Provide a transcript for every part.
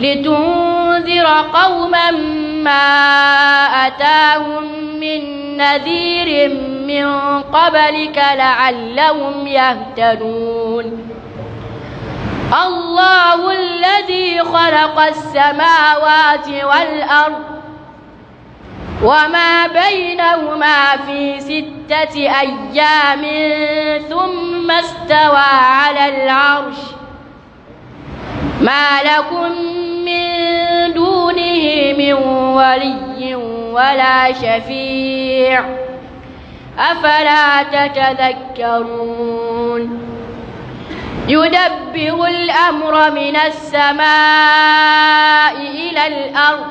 لتنذر قوما ما أتاهم من نذير من قبلك لعلهم يهتدون الله الذي خلق السماوات والأرض وما بينهما في ستة أيام ثم استوى على العرش ما لكم من دونه من ولي ولا شفيع أفلا تتذكرون يدبر الأمر من السماء إلى الأرض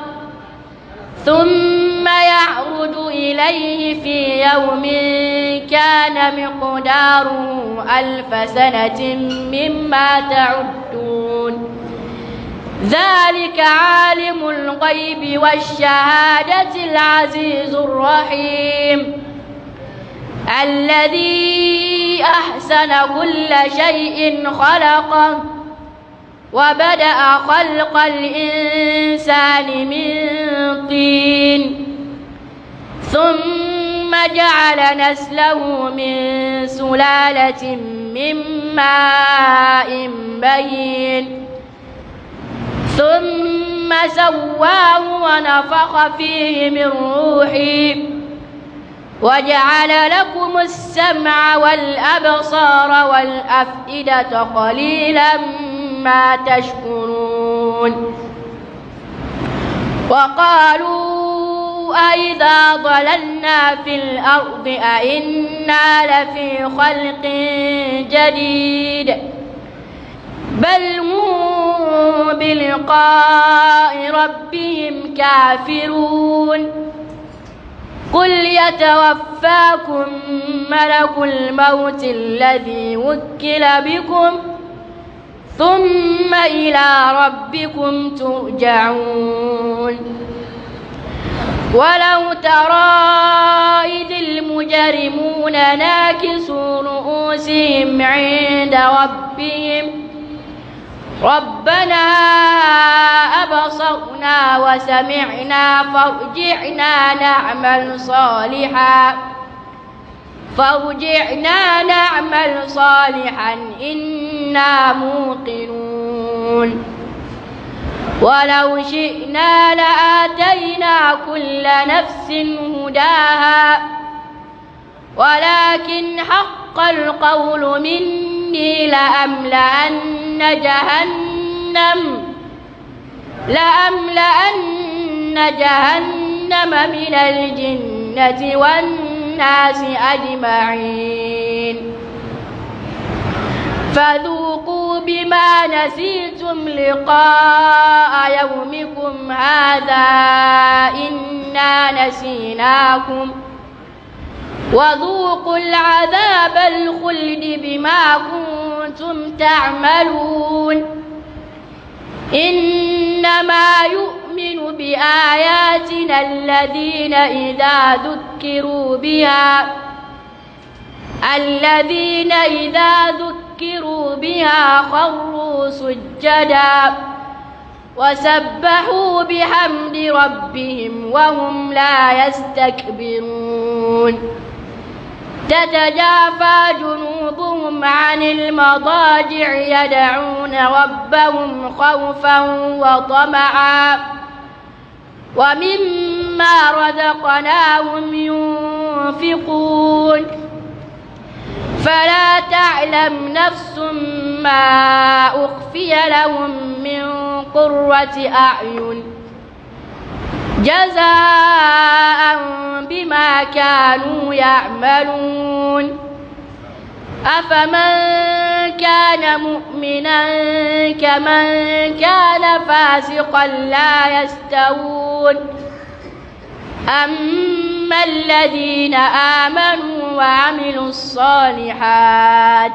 ثم يعود إليه في يوم كان مقداره ألف سنة مما تعدون ذلك عالم الغيب والشهادة العزيز الرحيم الذي أحسن كل شيء خلقه وبدأ خلق الإنسان من طين ثم جعل نسله من سلالة من ماء بين ثم سواه ونفخ فيه من روحي وجعل لكم السمع والأبصار والأفئدة قليلا ما تشكرون وقالوا أئذا ضللنا في الأرض أئنا لفي خلق جديد بل هم بلقاء ربهم كافرون قل يتوفاكم ملك الموت الذي وكل بكم ثم إلى ربكم ترجعون ولو ترى إذ المجرمون ناكسوا رؤوسهم عند ربهم ربنا أبصرنا وسمعنا فارجعنا نعمل صالحا فارجعنا نعمل صالحا إنا موقنون ولو شئنا لآتينا كل نفس هداها ولكن حق حق القول مني لأملأن جهنم لأملأن جهنم من الجنة والناس أجمعين فذوقوا بما نسيتم لقاء يومكم هذا إنا نسيناكم ۖ وذوقوا العذاب الخلد بما كنتم تعملون إنما يؤمن بآياتنا الذين إذا ذكروا بها الذين إذا ذكروا بها خروا سجدا وسبحوا بحمد ربهم وهم لا يستكبرون تتجافى جنوبهم عن المضاجع يدعون ربهم خوفا وطمعا ومما رزقناهم ينفقون فلا تعلم نفس ما أخفي لهم من قرة أعين جزاء بما كانوا يعملون أفمن كان مؤمنا كمن كان فاسقا لا يستوون أما الذين آمنوا وعملوا الصالحات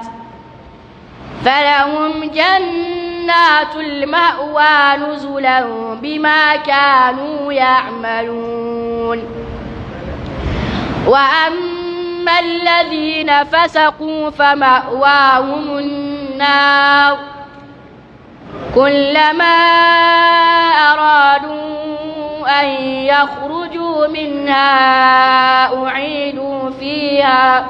فلهم جنات جنات المأوى نزلا بما كانوا يعملون وأما الذين فسقوا فمأواهم النار كلما أرادوا أن يخرجوا منها أعيدوا فيها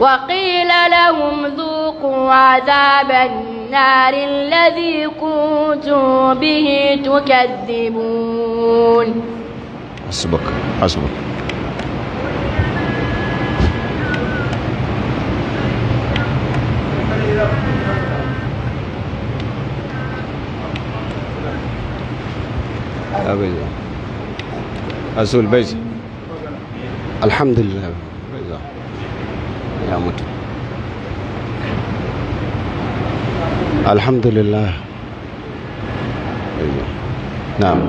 وقيل لهم ذوقوا عذاب النار الذي كنتم به تكذبون حسبك حسبك أبدا أسول بيزي الحمد لله الحمد لله أيوة. نعم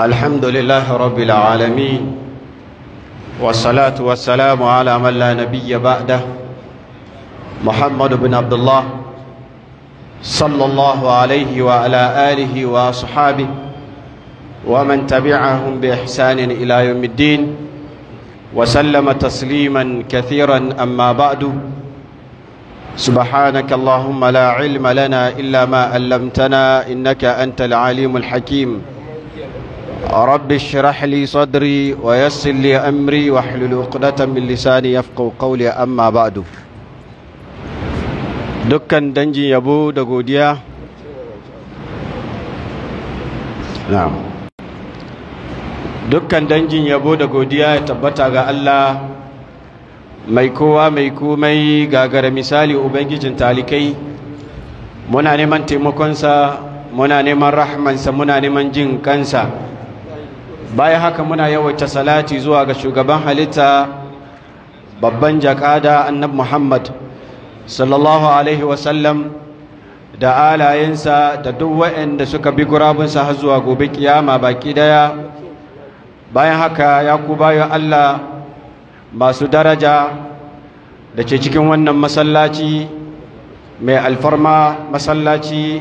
الحمد لله رب العالمين والصلاة والسلام على من لا نبي بعده محمد بن عبد الله صلى الله عليه وعلى آله وأصحابه ومن تبعهم بإحسان إلى يوم الدين وسلم تسليما كثيرا أما بعد سبحانك اللهم لا علم لنا إلا ما علمتنا إنك أنت العليم الحكيم رب اشرح لي صدري ويسر لي أمري واحلل عقدة من لساني يفقه قولي أما بعد dukkan danjin yabo da godiya na'am dukkan dangin yabo da godiya ya tabbata ga Allah mai kowa mai komai gagara misali ubangijin talikai muna neman taimakonsa muna neman rahmansa muna neman jin kansa bayan haka muna yawaita salati zuwa ga shugaban halitta babban jakada annab muhammad sallallahu alaihi wasallam da alayensa da duk waɗanda suka bi gurabunsa har zuwa gobe kiyama baki daya bayan haka ya ku bayo Allah masu daraja da ke cikin wannan masallaci mai alfarma masallaci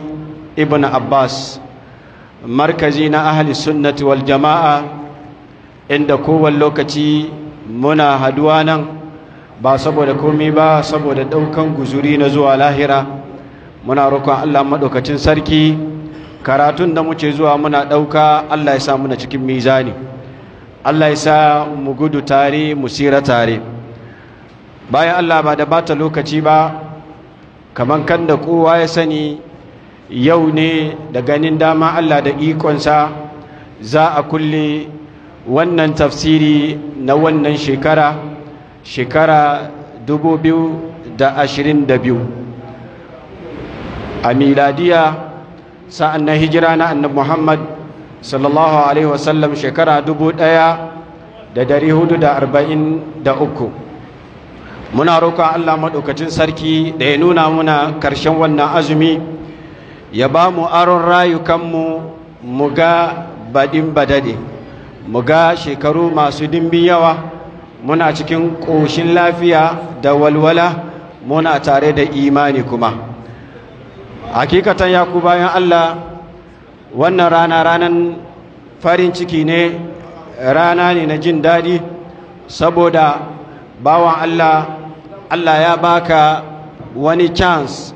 ibn Abbas markazi na ahli sunnati wal jama'a inda kowane lokaci muna haduwa nan ba saboda komi ba saboda ɗaukan guzuri na zuwa lahira muna roƙon Allah maɗaukacin sarki karatun da muke zuwa muna ɗauka Allah ya sa na cikin mizani Allah ya sa mu gudu tare mu sira tare bayan Allah ba da bata lokaci ba kaman kan da kowa ya sani yau ne da ganin dama Allah da ikonsa za a kulle wannan tafsiri na wannan shekara shekara 2022 a miladiya sa'an na hijira na annabi Muhammad sallallahu alaihi wasallam shekara dubu ɗaya da dari hudu da arba'in da uku muna roƙon allah maɗaukacin sarki da ya nuna muna ƙarshen wannan azumi ya ba mu aron rayukanmu mu ga baɗin badade mu ga shekaru masu dimbin yawa muna cikin ƙoshin lafiya da walwala muna tare da imani kuma hakikatan ya ku bayan allah wannan rana ranan farin ciki ne rana ne na jin daɗi saboda bawan Allah Allah ya baka wani chance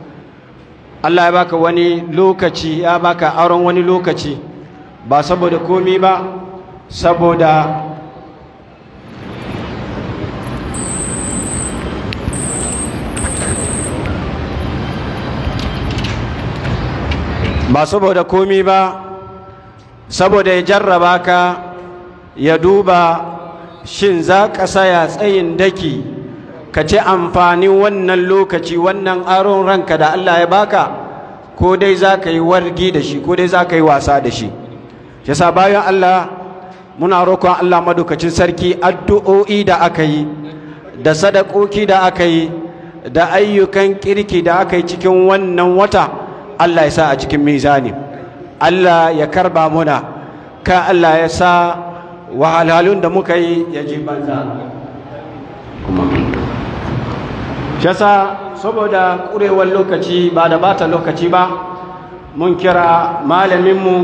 Allah ya baka wani lokaci ya baka auren wani lokaci ba saboda komi ba saboda ba saboda komi ba saboda ya jarraba ka ya duba shin za ka saya tsayin daki ka ci amfanin wannan lokaci wannan aron ranka da Allah ya baka ko dai za ka yi wargi da shi ko dai za ka yi wasa da shi yasa bayan Allah muna roƙon Allah madukacin sarki addu'o'i da aka yi da sadakoki da aka yi da ayyukan kirki da aka yi cikin wannan wata Allah ya sa a cikin mizani Allah ya karba muna ka Allah ya sa wahalhalun da muka yi ya ji banza shasa saboda ƙurewar lokaci ba da bata lokaci ba mun kira malaminmu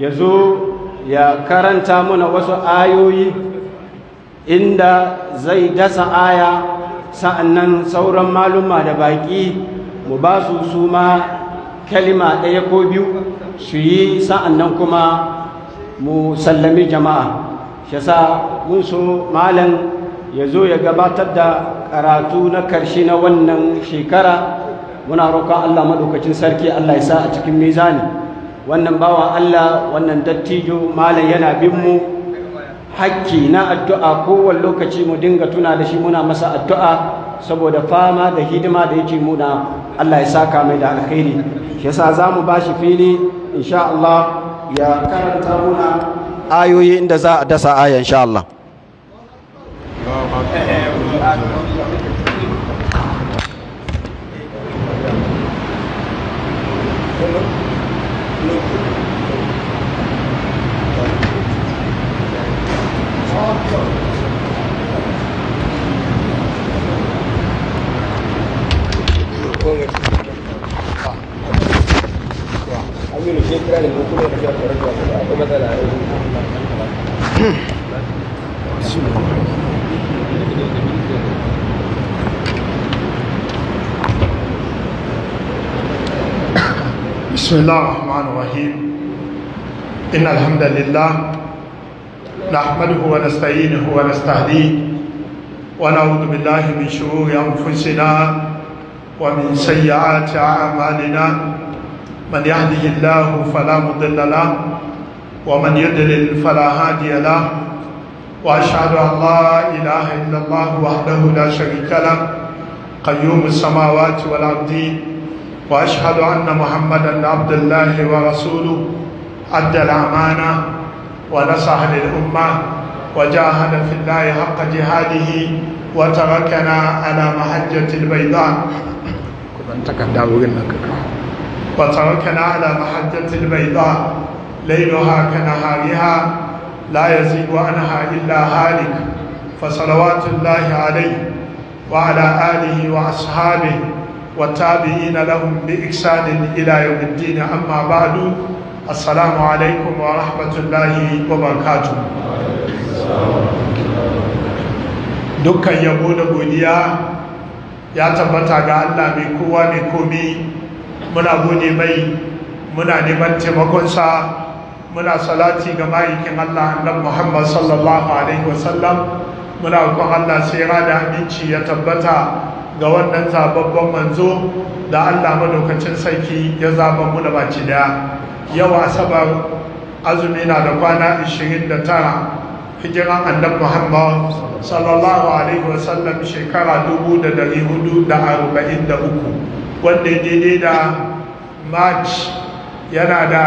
ya zo ya karanta muna wasu ayoyi inda zai dasa aya sa'annan sauran maluma da baƙi mu ba su su kalima ɗaya ko biyu su yi sa'an nan kuma mu sallami jama'a shi sa mun so malam ya zo ya gabatar da karatu na karshe na wannan shekara muna roƙon Allah maɗaukacin sarki Allah ya sa a cikin mizani wannan bawa Allah wannan dattijo malam yana bin mu hakki na addu'a kowane lokaci mu dinga tuna da shi muna masa addu'a saboda fama da hidima da yake muna Allah ya saka mai da alkhairi yasa za mu ba shi fili insha Allah ya karanta muna ayoyi inda za a dasa aya insha Allah بسم الله بسم الله الرحمن الرحيم إن الحمد لله نحمده ونستعينه ونستهديه ونعوذ بالله من شرور أنفسنا ومن سيئات أعمالنا من يهده الله فلا مضل له ومن يضلل فلا هادي له واشهد ان لا اله الا الله وحده لا شريك له قيوم السماوات والارض واشهد ان محمدا عبد الله ورسوله ادى الامانه ونصح للامه وجاهد في الله حق جهاده وتركنا على محجه البيضاء وتركنا على محجة البيضاء ليلها كنهارها لا يزيد عنها إلا هالك فصلوات الله عليه وعلى آله وأصحابه والتابعين لهم بإحسان إلى يوم الدين أما بعد السلام عليكم ورحمة الله وبركاته dukkan yabo da godiya ya tabbata ga Allah mai kowa mai komi muna gode mai muna neman taimakonsa muna salati ga ma'aikin Allah annabi Muhammad sallallahu alaihi wasallam muna roƙon Allah sai da aminci ya tabbata ga wannan zababban manzo da Allah madaukacin sarki ya zaba mu da baki daya yau asabar azumi na da kwana 29 hijiran annabi Muhammad sallallahu alaihi wasallam shekara 1443 wanda ya daidai da march yana da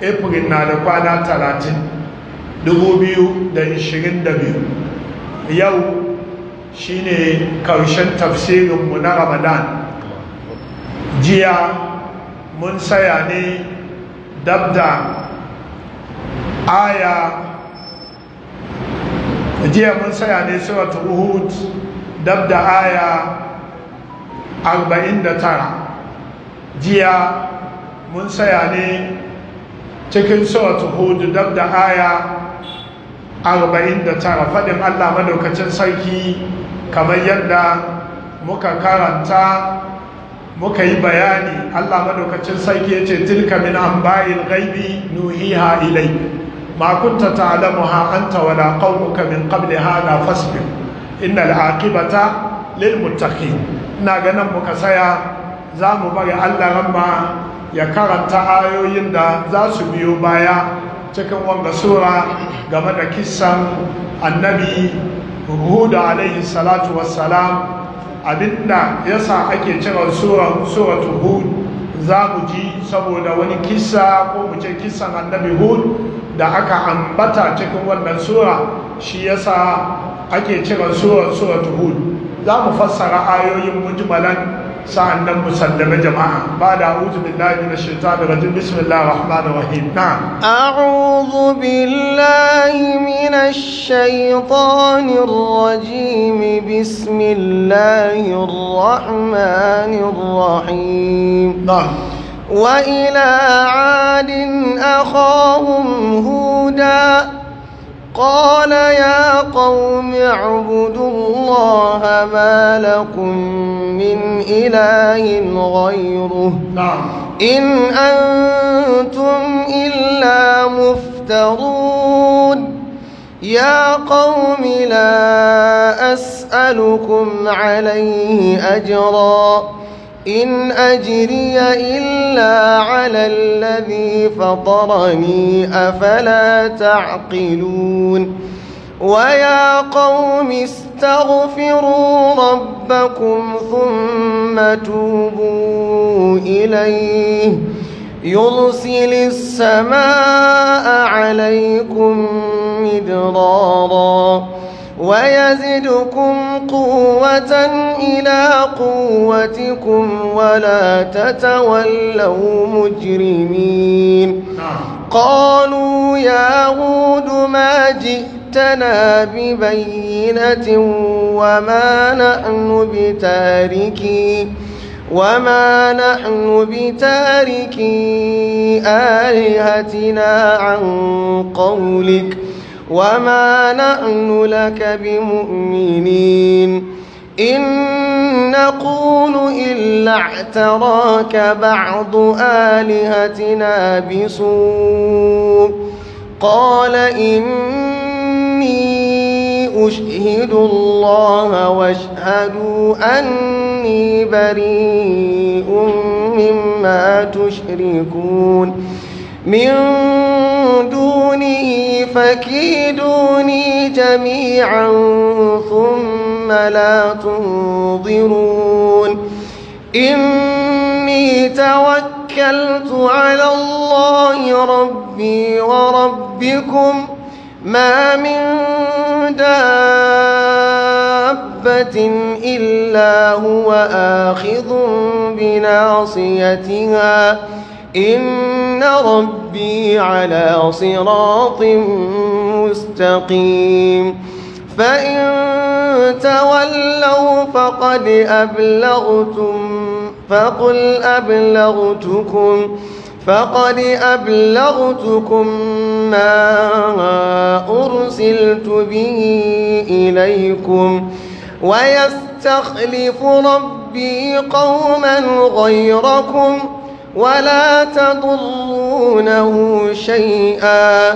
april na da kwana 30,2022 yau shine karshen tafsirinmu na ramadan jiya mun saya ne dabda aya jiya mun saya ne suratul hud dabda aya 49 jiya mun saya ne cikin suratu hudu dab da aya 49 faɗin allah madaukacin sarki kamar yadda muka karanta muka yi bayani allah madaukacin sarki yace, tilka min ambayin gaibi nuhiha ilai ma kunta ta'lamuha anta wala qaumuka min qabli hada fasbir innal aqibata lil muttaqin ina ganin muka saya za mu bari allah ramba ya karanta ayoyin da za su biyo baya cikin wanga sura game da kisan annabi hudu alaihi salatu wassalam abinda ya sa ake kiran sura suratu hud za mu ji saboda wani kisa ko mu ce kisan annabi hud da aka ambata cikin wannan sura shi ya sa ake kiran sura suratu hud za mu fassara ayoyin mujmalan sa'an nan mu sallama jama'a ba da a'udhu billahi minash shaitani rajim bismillahir rahmanir rahim na a'udhu billahi minash shaitanir rajim bismillahir rahmanir rahim na'am وإلى عاد أخاهم هودا قال يا قوم اعبدوا الله ما لكم من إله غيره نعم. إن أنتم إلا مفترون يا قوم لا أسألكم عليه أجراً إن أجري إلا على الذي فطرني أفلا تعقلون ويا قوم استغفروا ربكم ثم توبوا إليه يرسل السماء عليكم مدرارا ويزدكم قوة إلى قوتكم ولا تتولوا مجرمين قالوا يا هود ما جئتنا ببينة وما نحن بتاركي وما نحن بتاركي آلهتنا عن قولك وما نحن لك بمؤمنين إن نقول إلا اعتراك بعض آلهتنا بسوء قال إني أشهد الله واشهدوا أني بريء مما تشركون من دونه فكيدوني جميعا ثم لا تنظرون إني توكلت على الله ربي وربكم ما من دابة إلا هو آخذ بناصيتها إن ربي على صراط مستقيم فإن تولوا فقد أبلغتم فقل أبلغتكم فقد أبلغتكم ما أرسلت به إليكم ويستخلف ربي قوما غيركم ولا تضرونه شيئا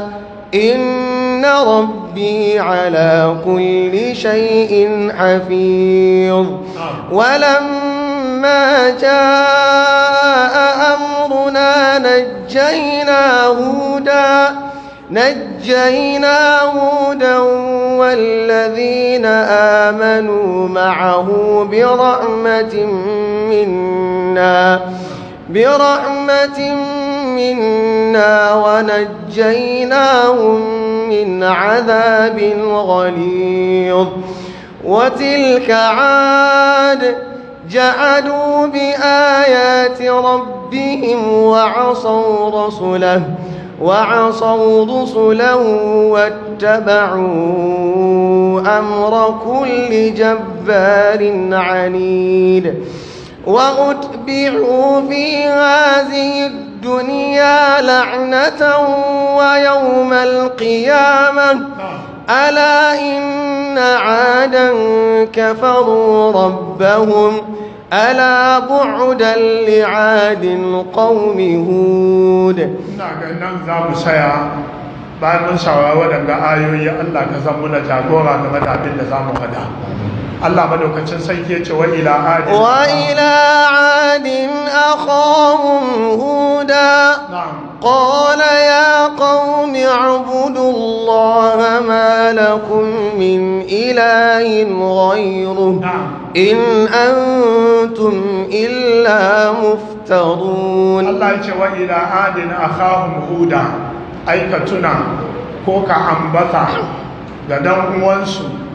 إن ربي على كل شيء حفيظ ولما جاء أمرنا نجينا هودا نجينا هودا والذين آمنوا معه برحمة منا برحمة منا ونجيناهم من عذاب غليظ وتلك عاد جعلوا بآيات ربهم وعصوا رسله وعصوا رسله واتبعوا أمر كل جبار عنيد وأتبعوا في هذه الدنيا لعنة ويوم القيامة ألا إن عادا كفروا ربهم ألا بعدا لعاد قوم هود بعد من شعوا ودعا بآيو يا الله كزمونا جاقورا نمتع بالنظام خدا Allah madaukacin sarki ya wa ila adin wa ila adin huda qala ya qaumi ibudu ma lakum min ilahin ghayru in antum illa muftarun Allah ya ce wa ila adin akhahum huda aika tuna ko ka ambata ga dan uwansu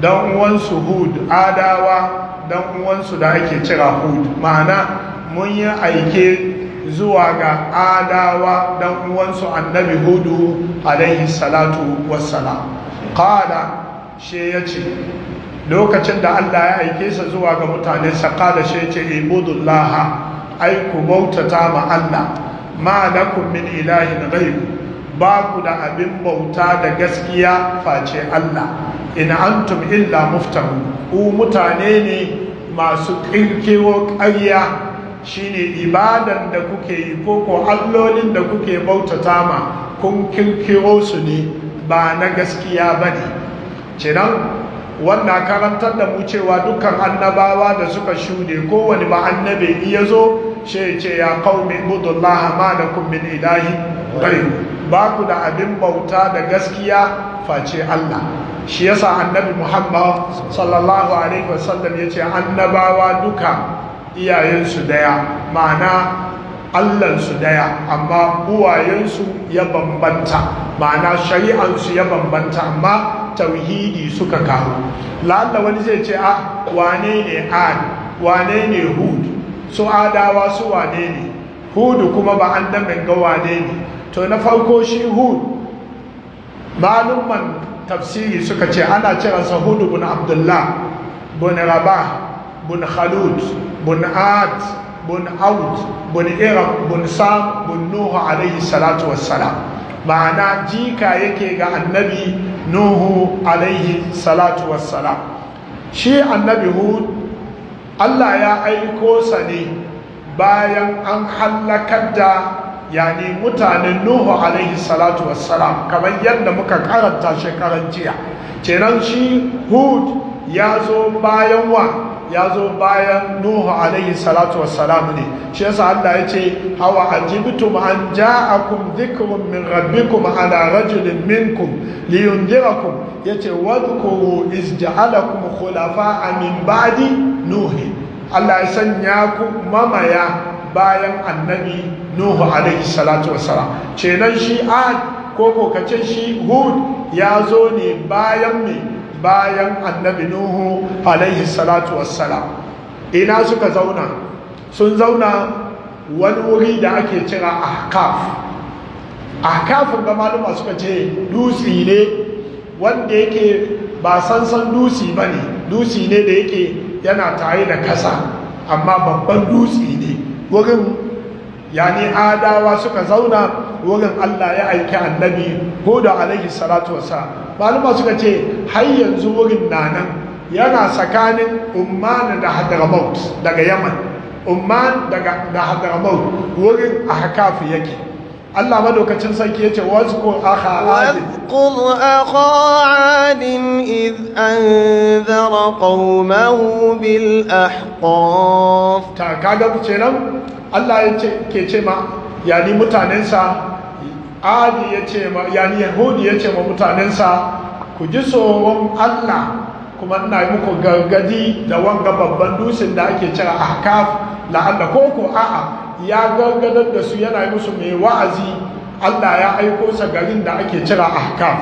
dan uwansu hud adawa dan uwansu da ake cira hud ma'ana mun yi aike zuwa ga adawa dan uwansu annabi hudu alaihi salatu wassala. qala she yace lokacin da Allah ya aike sa zuwa ga mutane sa qala she yace ibudullah ai ku bautata ma Allah ma lakum min ilahin ghairu ba ku da abin bauta da gaskiya face Allah in antum illa muftahu ku mutane ne masu ƙirƙiro ƙarya shine ibadan da kuke yi ko ko allolin da kuke bautata ma kun kinkewo su ne ba na gaskiya ba ne cinan wanda karantar da mu cewa dukkan annabawa da suka shude kowane ba annabe iya zo shi ce ya qaumi budullah ma lakum min ilahi ba ku da abin bauta da gaskiya face Allah shi yasa annabi muhammad sallallahu alaihi wasallam ya ce annabawa duka iyayensu daya ma'ana allansu daya amma uwayensu ya bambanta ma'ana shari'ansu ya bambanta amma tauhidi suka kawo la'alla wani zai ce a ah, wane ne an wane ne hud su adawa su wane ne hudu kuma ba an damin ga wane ne to na farko shi hud malumman tafsiri suka ce ana ciransa hudu bin abdullah bin rabah bin khalud bin ad bin aud bin iraq bin sam bin nuhu alaihi salatu wassalam ma'ana jika yake ga annabi nuhu alaihi salatu wassalam shi annabi hud allah ya aiko sa ne bayan an halakar da yani mutanen nuhu alaihi salatu wassalam kamar yadda muka karanta shekaran jiya kenan shi hud ya zo bayan wa ya zo bayan nuhu alaihi salatu wassalam ne shi yasa Allah ya ce hawa ajibtum an ja'akum dhikrun min rabbikum ala rajulin minkum liyunzirakum yace wadhkuru iz ja'alakum khulafa'a min ba'di Nuhu Allah ya sanya ku mamaya bayan annabi nuhu alaihi salatu wassalam kenan shi ad ko ko shi hud ya zo ne bayan me bayan annabi nuhu alaihi salatu wassalam ina suka zauna sun zauna wani wuri da ake cira ahkaf ahkafin ga maluma suka ce dutsi ne wanda yake ba sansan dutsi ba ne dutsi ne da yake yana tare da kasa amma babban dutsi ne wurin yani adawa suka zauna wurin Allah ya aiki annabi hudu alaihi salatu wasa maluma suka ce har yanzu wurin nanan yana tsakanin umman da hadramaut daga yaman umman daga hadramaut wurin ahkafi yake Allah madaukacin sarki yace Wasu akha adin wazkur akha adin id anzara qaumahu bil ahqaf ta kaga kenan Allah yace ke ce ma yani mutanensa adi yace ma yani yahudi yace ma mutanensa ku ji tsoron Allah kuma ina yi muku gargadi da wanga babban dusin da ake cira ahkaf la'alla ko ko a'a ya gargadar da su yana musu mai wa'azi Allah ya aiko sa garin da ake cira ahkam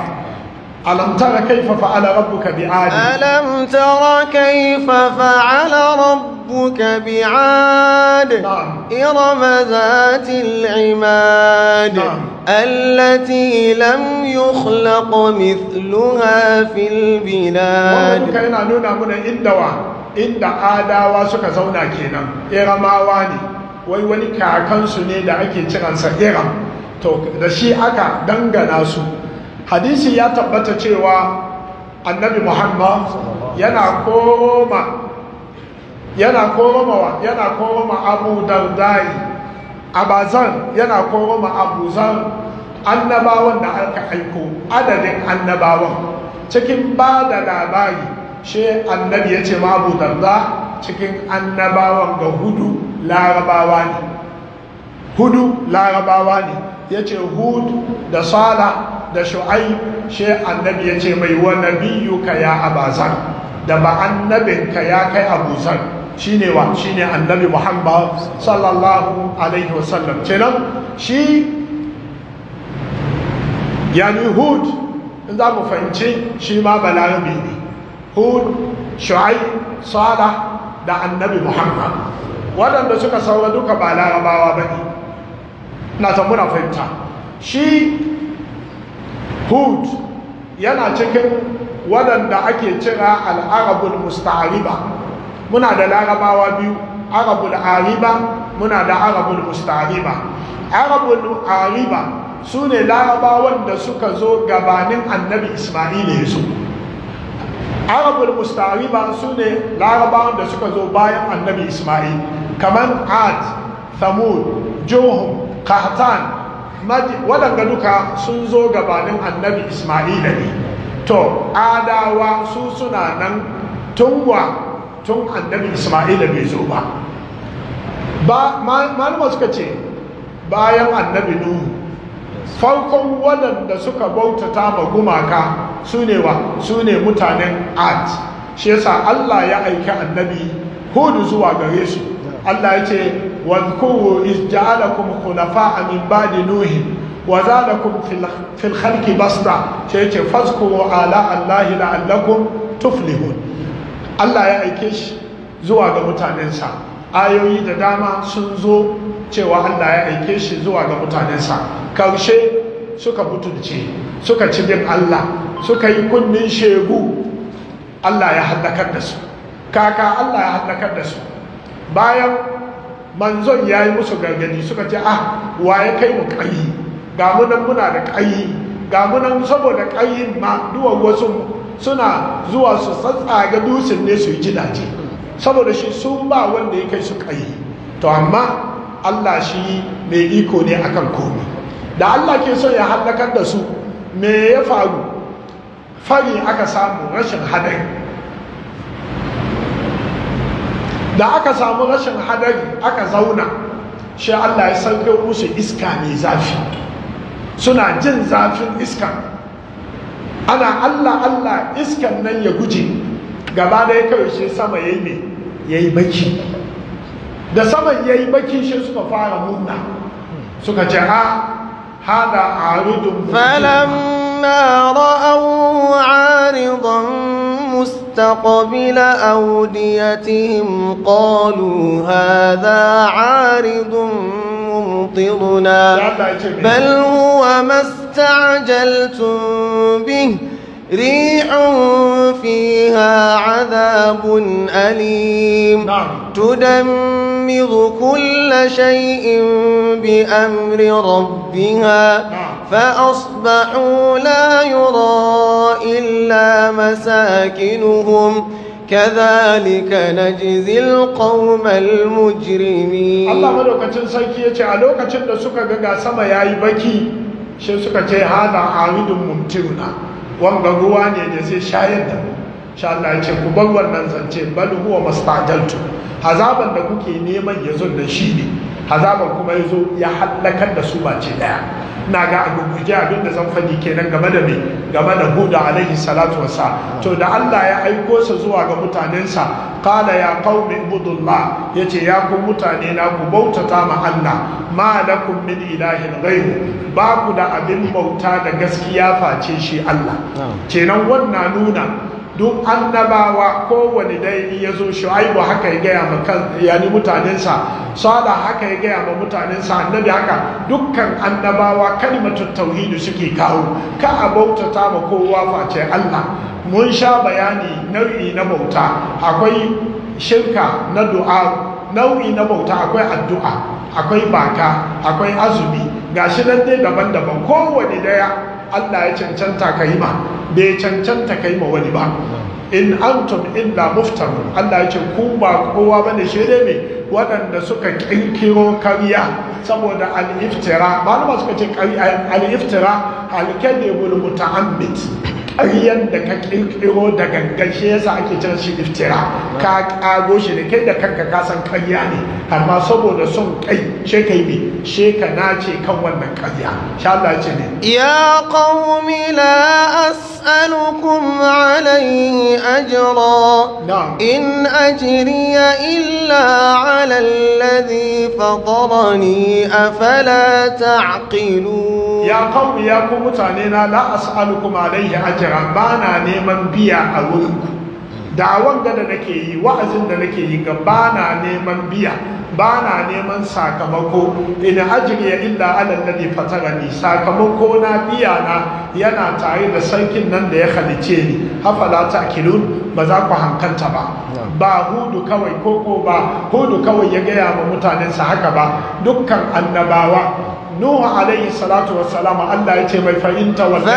alam tara kayfa fa'ala rabbuka bi ali alam tara kayfa fa'ala rabbuka bi ad iramazatil imad التي لم يخلق مثلها في البلاد ما كان نونا من إدوا إد آدوا سك زونا كنا إرماواني wai wani kakansu ne da ake ciransa iram to da shi aka dangana su hadisi ya tabbata cewa annabi muhammad yana koma yana koroma yana koma abu dardai abazan yana koroma abuzan annabawan da aka aiko adadin annabawan cikin ba da labari shi annabi ya ce ma abu darda cikin annabawan ga hudu larabawa ne hudu larabawa ne ya ce hud da sala da shu'ai shi annabi ya ce mai wa nabiyuka ya abazar da ba annabinka ya kai abuzar ne wa Shi ne annabi muhammad sallallahu alaihi wasallam kenan shi yani hud in za mu fahimci shi ma balarabi ne hud shu'ai sala da annabi muhammad waɗanda suka saura duka ba larabawa ba ne na tambuna fahimta shi hud yana cikin waɗanda ake cira al'arabul musta'ariba muna da larabawa biyu arabul ariba muna da arabul musta'ariba arabul ariba su ne larabawan da suka zo gabanin annabi ismail ya zo arabul musta'ariba su ne larabawan da suka zo bayan annabi ismail kamar ad thamud johun kahatan waɗanda duka sun zo gabanin annabi isma'ila ne to adawa su suna nan tunwa tun annabi isma'ila bai zo ba malama suka ce bayan annabi nuhu farkon waɗanda suka bautata ma gumaka su ne wa su ne mutanen ad shi yasa allah ya aiki annabi hudu zuwa gare su Allah ya ce wadhkuru kuma ja'alakum khulafa'a min ba'di nuhi wa zadakum fil khalqi basta ce Ke ce fazkuru ala Allah la'allakum tuflihun Allah ya aike shi zuwa ga mutanensa ayoyi da dama sun zo cewa Allah ya aike shi zuwa ga mutanensa karshe suka butulce suka ci bin Allah suka yi kunnin shegu Allah ya haddakar da su kaka Allah ya haddakar da su bayan manzon ya yi musu gargadi suka ce ah waye kai mu ƙayi ga munan muna da ƙayi ga munan saboda ƙayin ma duwan wasu suna zuwa su tsatsaga dusin ne su yi gidaje saboda shi sun ba wanda ya kai su ƙayi to amma Allah shi mai iko ne akan komi da Allah ke so ya hallakar da su me ya faru fari aka samu rashin hadari da aka samu rashin hadari aka zauna shi Allah ya saukar musu iska mai zafi suna jin zafin iska ana Allah Allah iskan nan ya guje gaba da ya kawai shi sama ya yi mai ya yi baki da saman ya yi baki shi suka fara murna suka ce ha hada arudun falamma ra'awu aridan مستقبل أوديتهم قالوا هذا عارض ممطرنا بل هو ما استعجلتم به ريح فيها عذاب أليم نعم. تدمر كل شيء بأمر ربها نعم. فأصبحوا لا يرى إلا مساكنهم كذلك نجزي القوم المجرمين الله ملوكتين سيكية علوكتين لسوكا غا سما ياي بكي شو سوكا جي هذا عامد ممترنا wanga ruwa ne da zai shayar da sha Allah ya ce ku bar wannan zance bal huwa mustajaltu azaban da kuke neman yanzu da shi ne azaban kuma yazo ya halakar da su ce daya na ga aguguje abin da zan faɗi kenan game da mai game da huda alaihi salatu wasa to da Allah ya aiko sa zuwa ga mutanensa qala ya qaumi mai yace ya ku mutane na ku bautata ma Allah ma lakum min ilahin ghairu ba ku da abin bauta da gaskiya face shi Allah kenan wannan nuna duk annabawa kowane dai ya zo shu'aibu haka ya gaya ma kan yani mutanensa sada haka ya gaya ma mutanensa annabi haka dukkan annabawa kalmatut tauhidu suke kawo ka a bautata ma kowa face Allah mun sha bayani nau'i na bauta akwai shirka na du'a nau'i na bauta akwai addu'a akwai baka akwai azumi gashi nan dai daban-daban kowane daya Allah ya cancanta ka yi ma bai cancanta ka yi ma wani ba in antum illa muftarun Allah ya ce ku ba kowa bane shi dai mai waɗanda suka kinkiro kariya saboda al-iftira malama suka ce al-iftira al-kadhibul muta'ammid ƙaryan da ka ƙirƙiro da gangan yasa ake cin shi iftira ka ƙago shi da kai da kanka ka san ƙarya ne amma saboda son kai she kai bi she ka nace kan wannan ƙarya sha Allah ce ne ya qaumi la as أسألكم عليه أجرا نعم. إن أجري إلا على الذي فطرني أفلا تعقلون يا قوم يا قوم لا أسألكم عليه أجرا ما أنا نيمان بيا أولكم da wanda da nake yi wa'azin da nake yi ga bana neman biya bana neman sakamako in ya illa ala fatara fatarani sakamako na biya na yana tare da sarkin nan da ya halice ni hafala kilun ba za ku hankanta ba ba hudu kawai koko ba hudu kawai ya gaya ma mutanensa haka ba dukkan annabawa نوح عليه الصلاة والسلام الله يتمي فإن توليتم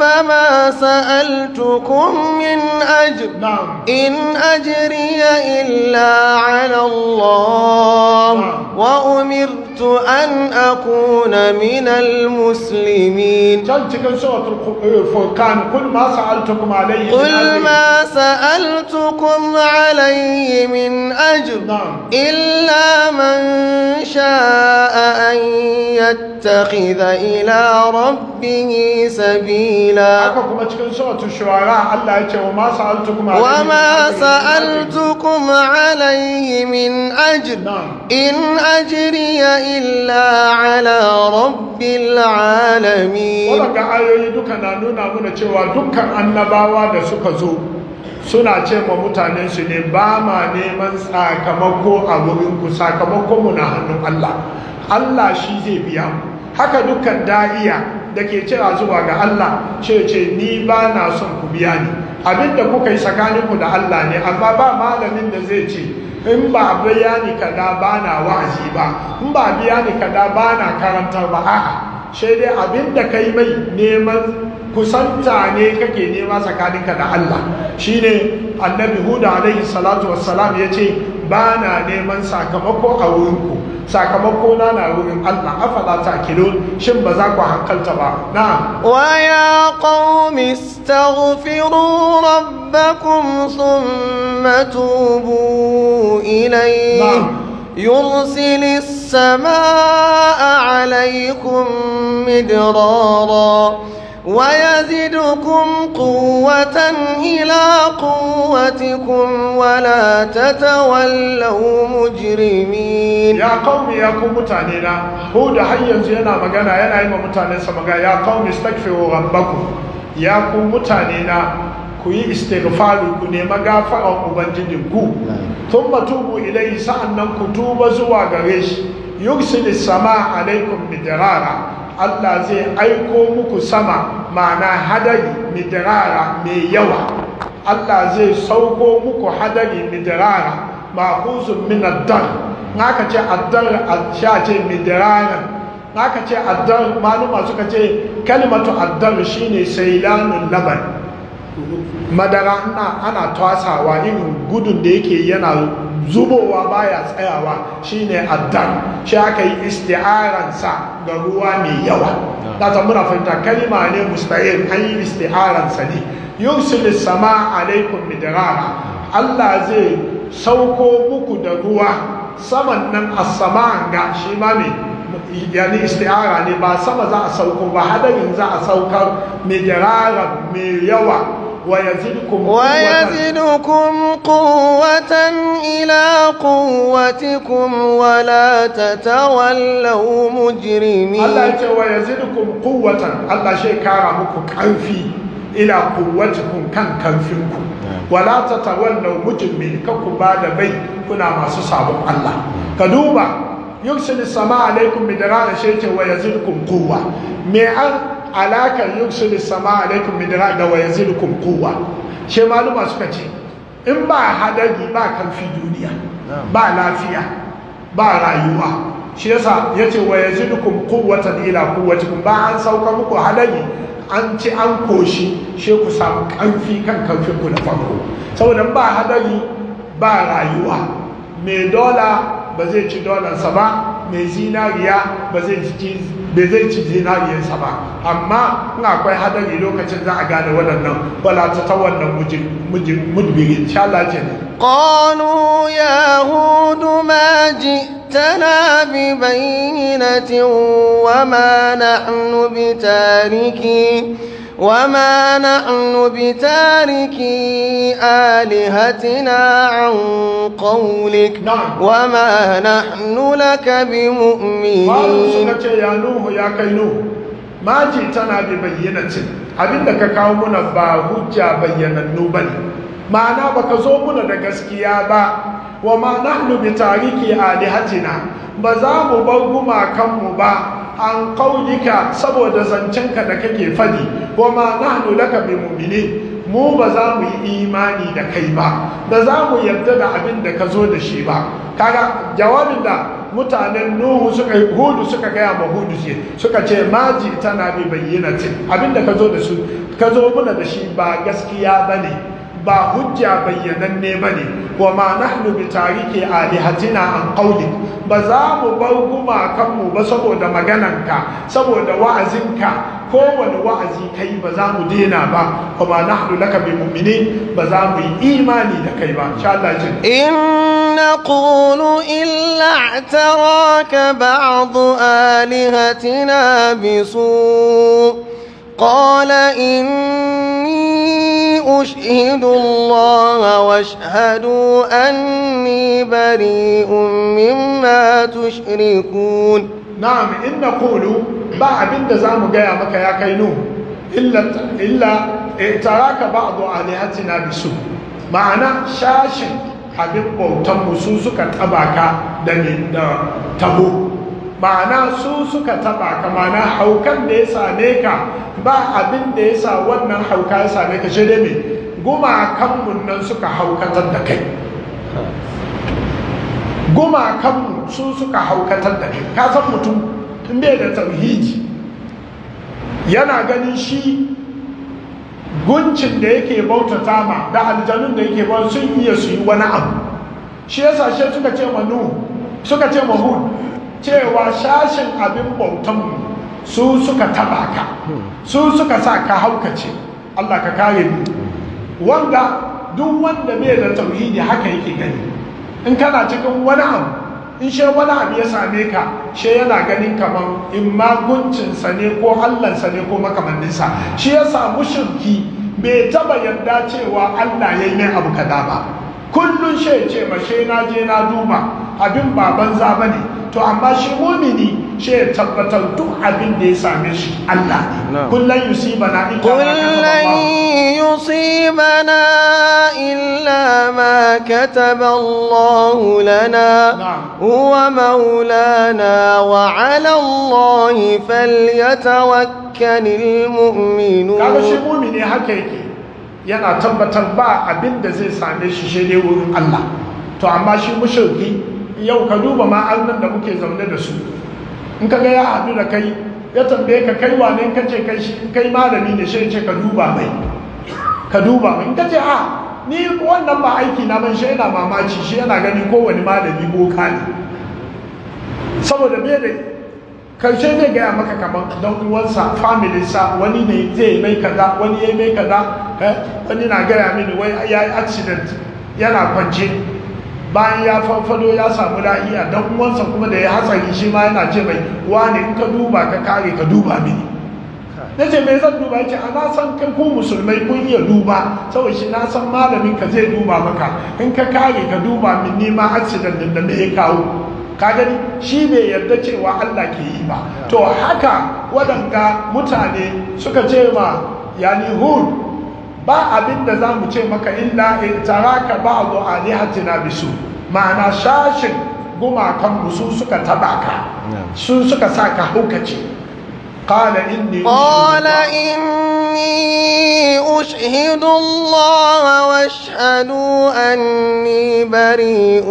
فما سألتكم من أجر نعم. إن أجري إلا على الله نعم. وأمرت أن أكون من المسلمين قل ما سألتكم عليه من أجر نعم. إلا من شاء أن يتخذ إلى ربه سبيلا وما سألتكم عليه من أجر إن أجري إلا على رب العالمين suna ce ma mutanensu su ne ba ma neman sakamako a wurin sakamako mu na hannun Allah Allah shi zai biya haka dukkan da'iya da ke cewa zuwa ga Allah ce ce ni ba na son ku biya ni abinda kuka yi tsakaninku da Allah ne amma ba malamin da zai ce in ba biya ni kada ba na wa'azi ba in ba biya ni kada ba na karantar ba a'a sai dai abin da yi mai neman kusanta ne kake nema tsakaninka da Allah shine annabi huda alaihi salatu wassalam ya ce ba na neman sakamako a wurinku sakamako na na wurin Allah afala ta kilon shin ba za ku hankalta ba na wa ya qaumi astaghfiru rabbakum thumma tubu ilayhi يرسل السماء عليكم مدرارا ويزدكم قوة إلى قوتكم ولا تتولوا مجرمين يا قوم يا قوم متعنينا هو ده حي ينزينا مغانا يا يما متعنين سمغا يا قوم استكفروا ربكم يا قوم متعنينا ku yi istighfari ku nema gafara ubangijin ku tun matubu ilai sa'an nan ku tuba zuwa gare shi yursil sama alaikum midrara Allah zai aiko muku sama ma'ana hadari midrara mai yawa Allah zai sauko muku hadari midrara ma'kuzun min ad-dar naka ce addar sha ce midrara naka ce addar malama suka ce kalmatu addar shine sailanun laban madara ana tasawa irin gudun da yake yana zubowa baya tsayawa shine addan shi aka yi isti'aransa ga ruwa mai yawa na ta fahimta kalima ne musta'il an yi isti'aransa ne yursilu sama alaikum midrara Allah zai sauko muku da ruwa saman nan a sama ga shi ma mai yani isti'ara ne ba sama za a sauko ba hadarin za a saukar mijirarar mai yawa ويزدكم, ويزدكم قوة إلى قوتكم ولا تتولوا مجرمين الله يقول ويزدكم قوة الله شيء كارمكم كنفي إلى قوتكم كان كنفيكم ولا تتولوا مجرمين ككم بعد بي كنا ما سسابق الله كدوبا yursil sama alaikum midrara shayke wa yazidkum quwwa me an alakar yursil sama alaikum midrara da wa yazidkum quwwa she maluma suka ce in ba hadari ba karfi duniya ba lafiya ba rayuwa shi yasa yace wa yazidukum quwwatan ila ba an sauka muku hadari an ci an koshi shi ku samu karfi kan karfin ku na farko saboda ba hadari ba rayuwa me dola ba zai ci dolarsa ba mai zinariya ba zai ci zinariyarsa ba amma in akwai hadari lokacin za a gane waɗannan bala ta ta wannan mudbiri insha Allah ce ya hudu ma ji'tana bi bayyinatin wa ma nahnu وما نحن بتاركي آلهتنا عن قولك نعم. وما نحن لك بمؤمنين يا نوح يا كينوح ما جئتنا abin abinda ka kawo muna ba hujja bayyanannu ba ne ma'ana ba ka zo muna da gaskiya ba wa nubi tariki bi tariki ba za mu bar gumakanmu ba an kaunika saboda zancenka da kake fadi wa ma hannu laka bi mu'minin mu ba za mu yi imani da kai ba da za mu yarda da abin da ka zo da shi ba kaga jawabin da mutanen nuhu suka hudu suka gaya ma hudu ce suka ce maji tana bi bayyana ce abin da ka zo da su ka zo muna da shi ba gaskiya ba ne ba hujja bayyananne ba ne wa ma nahnu bi tariki alihatina an qawli ba za mu bar gumakanmu ba saboda magananka saboda wa'azinka kowane wa'azi kai ba za mu dena ba kuma nahnu laka bi mu'minin ba za mu yi imani da kai ba insha Allah jin in naqulu illa i'taraka ba'd alihatina bisu قال إني أشهد الله واشهدوا أني بريء مما تشركون نعم إن نقول بعد إن زام جاي يا كينو إلا إلا تراك بعض آلهتنا بسوء معنى شاش حبيب بوتم سوزك تباكا دني تبو ma'ana su suka taba ka ma'ana haukan da ya same ka ba abin da ya sa wannan hauka ya same ka shi dai guma gumakanmu nan suka haukatar da kai gumakanmu su suka haukatar da kai ka san mutum in da tauhidi yana ganin shi guncin da yake bautata ma da aljanun da yake bautata sun iya su yi wani abu shi yasa shi suka ce ma suka ce ma cewa shashin abin bautanmu su suka taba ka su suka sa ka haukace Allah ka kare mu wanda duk wanda bai da tauhidi haka yake gani in kana cikin wani abu in she wani abu ya same ka she yana ganin kamar in maguncinsa ne ko allansa ne ko makamanninsa shi ya samu shirki bai taba yarda cewa allah ya yi mai abu kaza ba Kullum shi ce ma na je na duba abin ba banza ne, to amma shi mumini shi ya tabbatar duk abin da ya same shi Allah ne kullun yusibana illa kullun yusibana illa ma kataba Allah lana huwa maulana wa ala Allah falyatawakkalul mu'minun kaga shi mumini haka yake yana tabbatar ba abin da zai same shi shi ne wurin Allah to amma shi mushriki yau ka duba ma annan da muke zaune da su in ka ga ya haɗu da kai ya tambaye ka kai wane ka ce kai shi in kai malami ne shi ce ka duba mai ka duba mai in ka ce a ni wannan ba aiki na ban shi yana mamaci shi yana gani kowane malami boka ne saboda bai da karshe zai gaya maka kamar don uwansa familinsa wani ne zai mai kaza wani ya mai kaza eh, wani na gaya mini wai ya yi accident yana kwance bayan ya farfado ya samu la'iya don uwansa kuma da ya hatsari shi ma yana ce mai wani ka duba ka kare ka duba mini na ce mai zan duba yake a na san kai ku musulmai kun iya duba saboda shi na san malamin ka zai duba maka in ka kare ka duba min nima accident da me ya kawo ka gani shi bai yarda cewa Allah ke yi ba to haka waɗanda mutane suka ce ma yani hud ba abin da za mu ce maka illa in taraka ba abu alihatina bisu ma'ana shashin gumakan su suka taba ka sun suka sa ka haukace قال إني قال إني أشهد الله واشهدوا أني بريء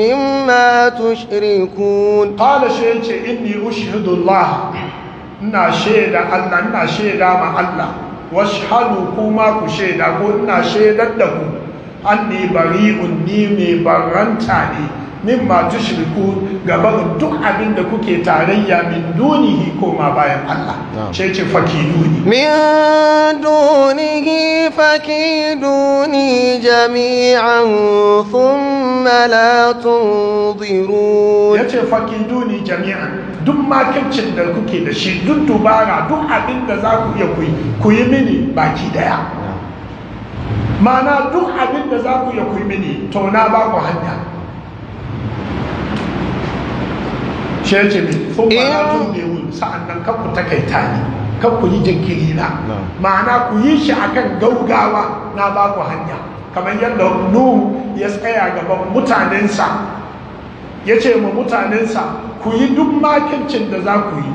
مما تشركون قال شيء إني أشهد الله ina shaida Allah ina shaida ma Allah washhadu kuma ku shaida ko ina shaidar da ku anni bari'un ni mai baranta ne min ma tushriku gaban duk abin da kuke tarayya min dunihi koma bayan Allah ce ce duni. min dunihi fakiduni jami'an thumma la tunzirun yace fakiduni jami'an duk makircin da kuke da shi duk dubara duk abin da za ku iya kuyi kuyi mini baki daya mana duk abin da za ku iya kuyi mini to na ba ku hanya shi ya ce mai sun eh, maratun ne wuri sa'annan kan ku takaita ne kan ku yi jinkiri na ma'ana ku yi shi akan gaugawa na ba ku hanya kamar yadda nuhu ya tsaya gaban mutanensa ya ce ma mutanensa ku yi duk makincin da za ku yi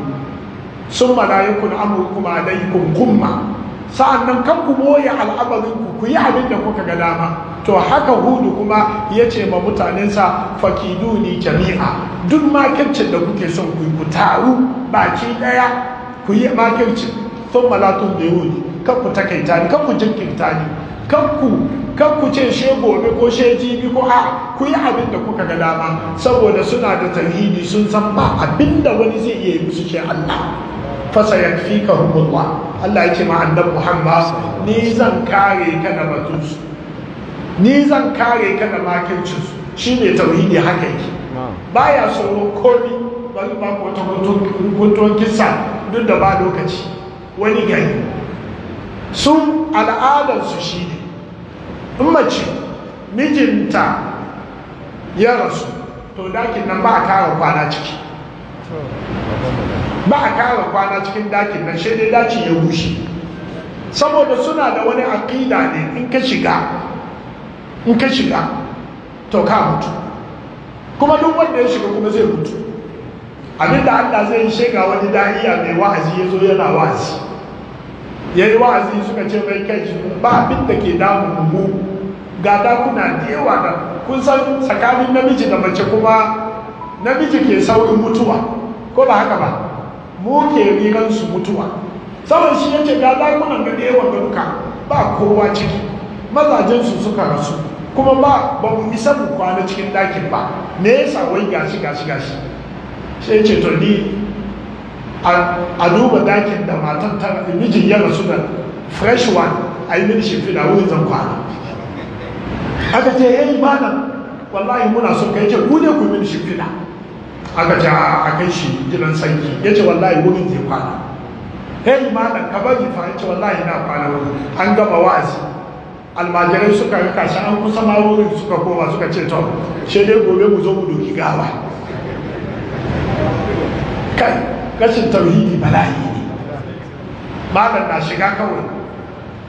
sun malayikun amurkuma alaikum kumma sa'annan kan ku boye al'amarin ku ku yi abin da kuka ga dama to haka hudu kuma ya ce ma mutanensa fakidu fakiduni jami'a duk makircin da kuke son ku ku taru baki daya ku yi makircin sun malatun da yuni kan ku takaita ni kan ku jinkirta ni kan ku kan ku ce she gobe ko she jibi ko a ku yi abin da kuka ga dama saboda suna da tarihi sun san ba abin da wani zai iya yi musu ce Allah fasa ka hukumullah Allah ya ce ma annabi Muhammad ni zan kare ka da batunsu ni zan kare ka da makincinsu shi shine tauhidi haka yake baya tsoro komi bari ba ko ta kisa duk da ba lokaci wani gari Sun al'adar su shine in mace mijinta ya rasu to dakin nan ba a kara kwana ciki ba a kara kwana cikin dakin nan shi ne daci ya bushe. saboda suna da wani aƙida ne in ka shiga in ka shiga to ka mutu kuma duk wanda ya shiga kuma zai mutu abinda Allah zai yi shiga wani da'iya mai wa'azi ya zo yana wa'azi ya yi wa'azi suka ce mai kai ba abin da ke damu mu ga dakuna da yawa kun san tsakanin namiji da mace kuma namiji ke saurin mutuwa ko ba haka ba mu ke riran su mutuwa saboda shi yake ga dakunan da ɗaya wanda duka ba kowa ciki mazajen su suka rasu kuma ba ba mu isa mu kwana cikin dakin ba me yasa wai gashi gashi gashi sai yace to ni a duba dakin da matan ta mijin ya rasu da fresh one a yi mini da wurin zan kwana aka ce yayi nan wallahi muna son kai ce ku ne ku mini da aka ce a kai shi gidan sarki ya ce wallahi wurin ke kwana hey malam ka bari fa ya ce wallahi na kwana wurin an gama wa'azi almajirai suka yi shi an kusa ma wurin suka koma suka ce to shi dai gobe mu zo mu doki gawa kai kashin tauhidi bala'i ne malam na shiga kawai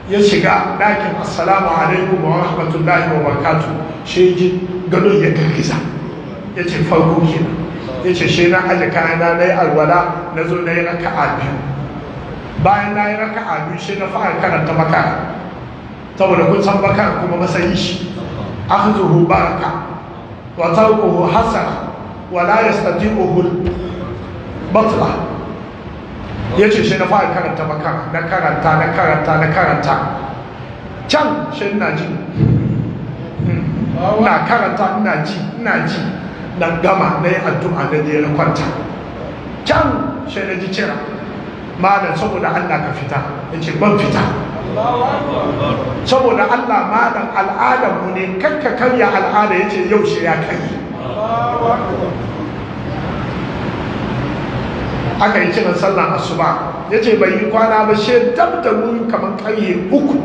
ya shiga ɗakin assalamu alaikum wa rahmatullahi wa barakatuh shi ji gadon ya ya ce farko kenan ya ce shi na aje kayana na yi alwala na zo na yi raka a biyu bayan na yi raka a biyu shi na fara karanta maka saboda kun san bakara kuma masayi shi zo hu baraka wa tarkuhu hasara wa la yastati'uhu batla ya ce shi na fara karanta maka na karanta na karanta na karanta can shi na ji hmm. na karanta ina ji ina ji na gama na yi addu'a na da na kwanta can sai na ji cira malam saboda Allah ka fita ya ce ban fita saboda Allah malam al'adar mu ne kakka karya al'ada ya ce yau shi ya kai aka yi kiran sallar asuba ya ce bai yi kwana ba shi dab da wuri kamar karye uku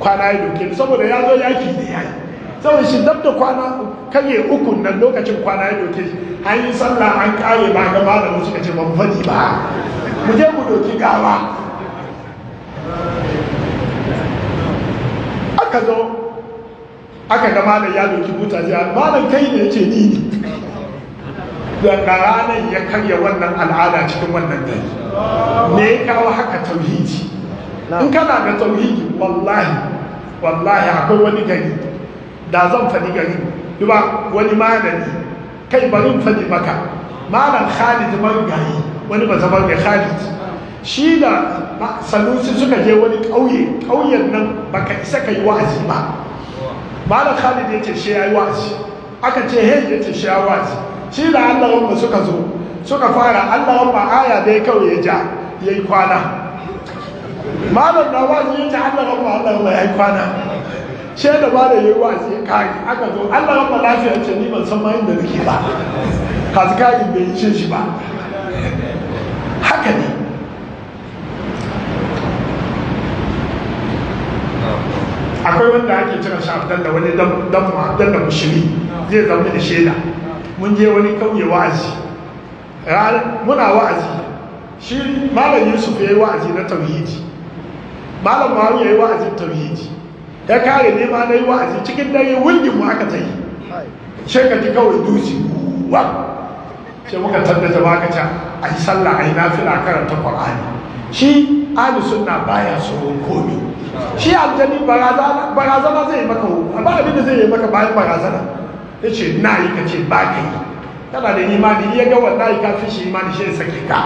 kwana ya doke saboda ya zo yaki da yayi saboda shi dab da kwana kanye uku nan lokacin kwana ya doke shi an sallah an kare ba ga malamin suka ce ban faɗi ba mu je mu doki gawa aka zo aka ga malam ya doki buta ji malam kai ne ce ni ne da ranar ya karya wannan al'ada cikin wannan gari me ya kawo haka tauhidi in kana da tauhidi wallahi wallahi akwai wani gari da zan fadi gari duba wani malami kai barin fadi maka malam khalid gari, wani ba zama mai khalid shi da sanusi suka je wani ƙauye ƙauyen nan baka isa ka yi wa'azi ba malam khalid ya ce shi ya yi wa'azi aka ce hey ya ce shi ya wa'azi shi da allah suka zo suka fara allah aya dai kawai ya ja ya yi kwana malam na wa'azi ya ce allah ya yi kwana she da ba da yiwuwa sai kai aka zo Allah ya fara lafiya ce ni ban san ma inda nake ba ka yi bai ishe shi ba haka ne akwai wanda ake cire shi abdan da wani dan abdan da mushiri zai zama da shaida mun je wani kauye wa'azi muna wa'azi shi malam yusuf ya yi wa'azi na tauhidi malam ma'aru ya yi wa'azin tauhidi ya kare ne ma na yi wa'azi cikin dare wungin mu aka ta yi sai ka ji kawai dusi wa sai muka tabbata jama'a ka ce a yi sallah a yi nafila karanta qur'ani shi ahlu sunna baya tsoron komi shi aljani barazana barazana zai maka ba abin da zai yi maka bayan barazana ya ce na yi ka ce ba ka yi kana da imani iya ga wallahi ka fi shi imani shi sake ka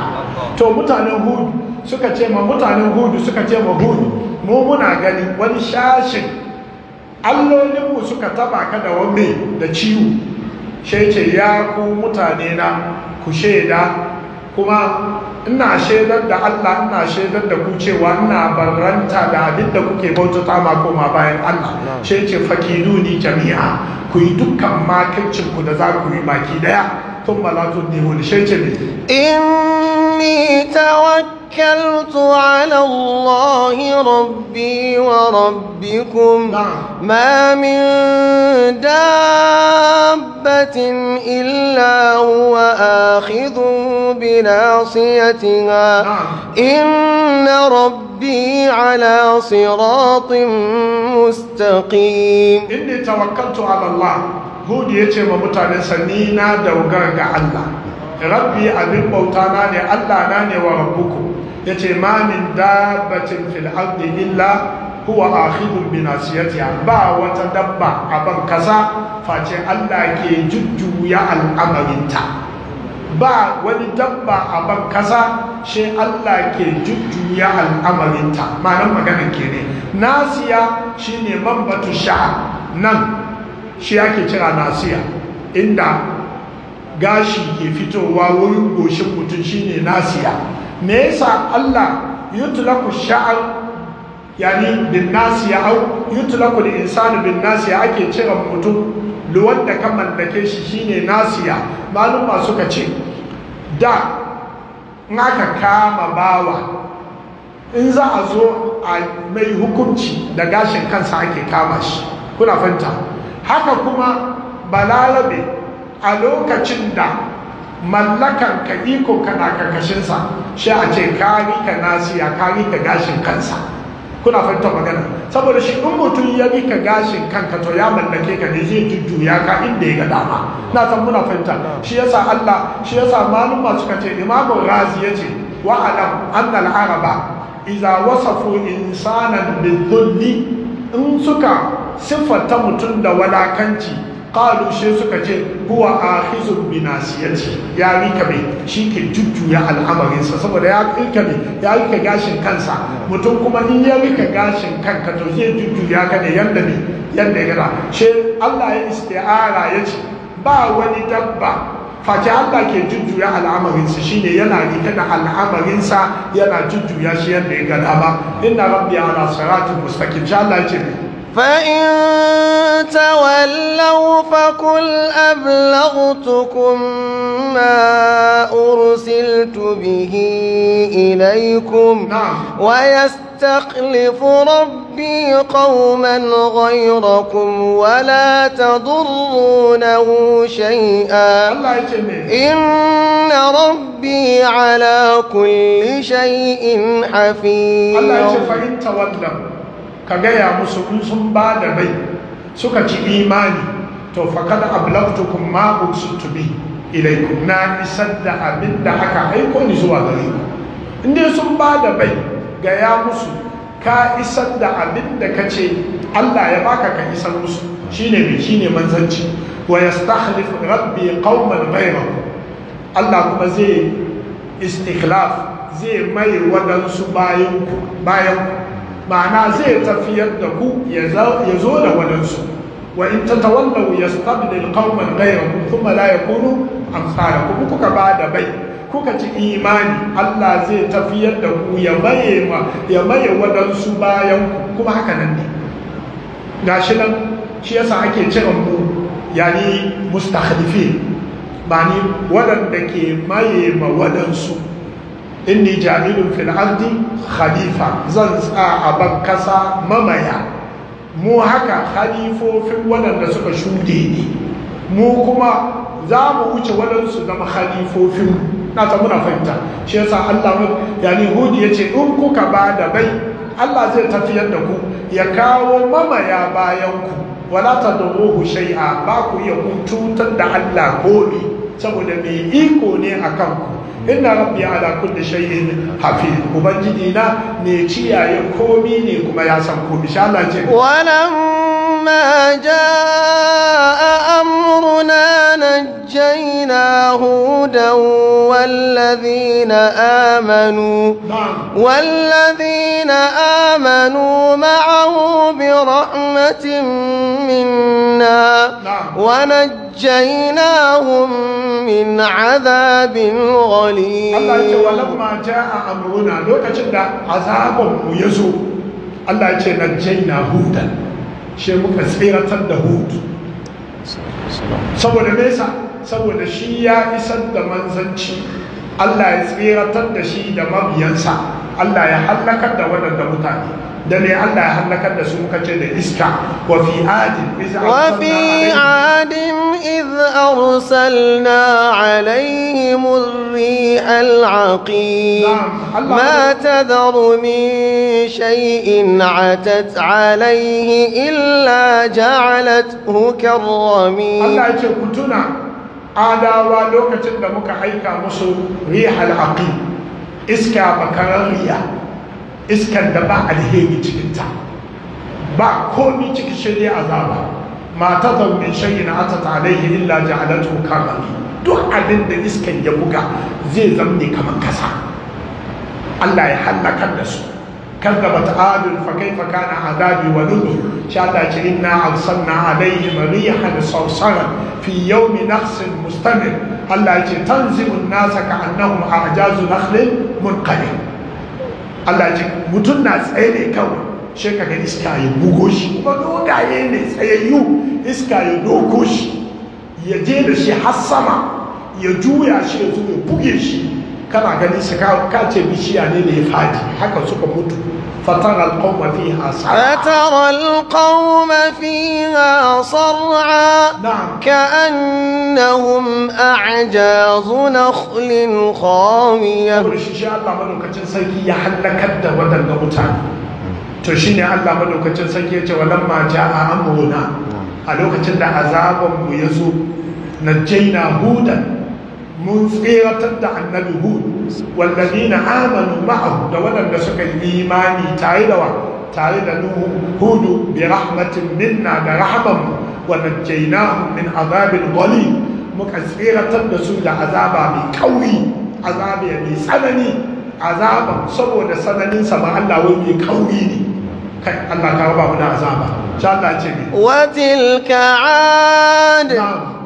to mutanen hudu suka ce ma mutanen hudu suka ce ma hudu mu muna gani wani shashin allolinmu suka taba ka da wame da ciwo shece ya ku mutane na ku shaida kuma ina shaidar da Allah ina shaidar da ku cewa ina baranta da abin da kuke bautata ma koma bayan Allah shece fakiduni jami'a ku yi dukkan makincinku da za ku yi baki daya ثم لا تدنيه لشيء إني توكلت على الله ربي وربكم نعم. ما من دابة إلا هو آخذ بناصيتها نعم. إن ربي على صراط مستقيم إني توكلت على الله hudu ya ce ma mutane ni na dogara ga Allah rabbi abin bauta na ne Allah na ne wa rabbuku ya ce ma min dabbatin fil ardi illa huwa akhidun bi nasiyatiha ba wata dabba a ban kasa face Allah ke jujjuya al'amarinta ba wani dabba a ban kasa shi Allah ke jujjuya al'amarinta nan maganar ke ne nasiya shine man sha'a nan shi ake cira nasiya inda gashi ke fitowa wurin goshin mutum shine nasiya me yasa Allah yutlaku sha'ar yani bin nasiya au yutlaku lil insani bin nasiya ake cira mutum luwan da ka mallake shi shine nasiya maluma suka ce da in aka kama bawa in za a zo a mai hukunci da gashin kansa ake kama shi kuna fanta haka kuma balalabe a lokacin da mallakan ka iko kana karkashinsa shi a ce kari ka nasiya kari ka gashin kansa kuna fahimta magana saboda shi in mutum ya bi ka gashin kanka to ya mallake ka ne zai jujjuya ka inda ya ga dama na san muna fahimta shi yasa Allah shi yasa maluma suka ce imamu razi yace wa alam anna al araba idza wasafu insanan bi dhulli in suka ta mutum da walakanci kalu shi suka ce huwa a hizun nasiyati ya rika mai shi ke jujjuya al'amarinsa saboda ya rika mai ya rika gashin kansa mutum kuma in ya rika gashin kanka to zai jujjuya ka ne yadda ne yadda ya gara she Allah ya ara ya ce ba wani dabba face Allah ke jujjuya al'amarinsa shine yana rike da al'amarinsa yana jujjuya shi yadda ya gada ba inna rabbi ala siratin mustaqim shi Allah ce فإن تولوا فقل أبلغتكم ما أرسلت به إليكم نعم. ويستخلف ربي قوما غيركم ولا تضرونه شيئا إن ربي على كل شيء حفيظ الله فإن تولوا ka gaya musu in sun ba da rai suka ci imani to faƙad ablagtukum ma ursiltu bi ilaikum na isar da abin da aka aiko ni zuwa gare ku in sun ba da bai gaya musu ka isar da abin da ka ce Allah ya baka ka isar musu shine mai shine manzanci wa yastahlif rabbi kawman ghayrakum Allah kuma zai istiklaf zai mai waɗansu bayan ku ma'ana zai tafiyar da ku ya zo da wadansu wa in ta, tatawallaw ku kuma ghayrakum thumma la yakunu ku kuka ba da bai kuka ci imani Allah zai tafiyar da ku ya maye ma ya maye wadansu bayan kuma haka nan ne gashi nan shi yasa ake ciran mu yani mustakhlifin ba ni waɗanda ke maye ma waɗansu inni jami'in fil ardi khalifa zan tsa a ban kasa mamaya mu haka khalifofin waɗanda suka shude ne mu kuma za mu wuce waɗansu zama khalifofin na ta muna fahimta shi yasa Allah yani hudi ya ce in kuka ba da bai Allah zai tafiyar da ku ya kawo mamaya bayan ku wala ta da shai'a ba ku iya hutu da Allah komi saboda mai iko ne a kanku inna rabbi ala kulli shay'in hafiz ubangiji na ne ciyaye komi ne kuma ya san komi insha Allah ce فلما جاء أمرنا نجينا هودا والذين آمنوا نعم. والذين آمنوا معه برحمة منا نعم. ونجيناهم من عذاب غليظ الله يقول ولما جاء أمرنا لو تجد عذاب يزول الله يقول نجينا هودا shi muka tsiratar da hutu. saboda nesa saboda shi ya isar da manzanci allah ya tseratar da shi da mabiyansa allah ya hallakar da waɗanda mutane da ne Allah ya hannakar da su muka ce da iska wa fi adin wa fi adin iz arsalna alaihim ar-ri'al aqim ma tadaru min shay'in illa ja'alathu karramin Allah ya ce adawa lokacin da muka aika musu ri'al aqim iska bakararriya iskar da ba alheri cikinta ba komi cikin shirya azaba mata zaune shayi na ata talaihi illa ji halatu kama duk abin da iskar ya buga zai zamne kamar kasa allah ya hallaka da su kanda bata ta adin fakai faka na adabi wa nudu shata cikin na hausar na alaihi mariya hada sausara fi yau mi nafsin mustamin allah ya ce tanzimun nasa ka annahu a ajazu nakhlin munkalin Allah ji mutum na tsaye ne kawai shi ka iska ya bugo shi kuma dogaye ne tsayayyu iska ya dogo shi ya je da shi har sama ya juya shi ya zo ya buge shi kana ganin shi ka ce bishiya ne da ya fadi haka suka mutu فترى القوم فيها صرعا فترى القوم فيها صرعا نعم كأنهم أعجاز نخل خاوية ورشيشي الله ملوكة تنسيكي يحل كده ودن قبطان تشيني الله ملوكة تنسيكي ولما جاء أمرنا ألوكة تندى عذاب ويزو نجينا هودا mun tseratar da annabi hud na amanu ma'ahu da waɗanda suka yi imani tare da wa tare da nuhu hudu bi rahmatin minna da rahman wa najjaynahum min azabil ghalib muka tseratar da su da azaba mai kauri azaba mai tsanani azaba saboda sananin sa ba Allah wai mai kauri ne kai Allah ka raba mu da azaba sha Allah ce ne wa tilka ad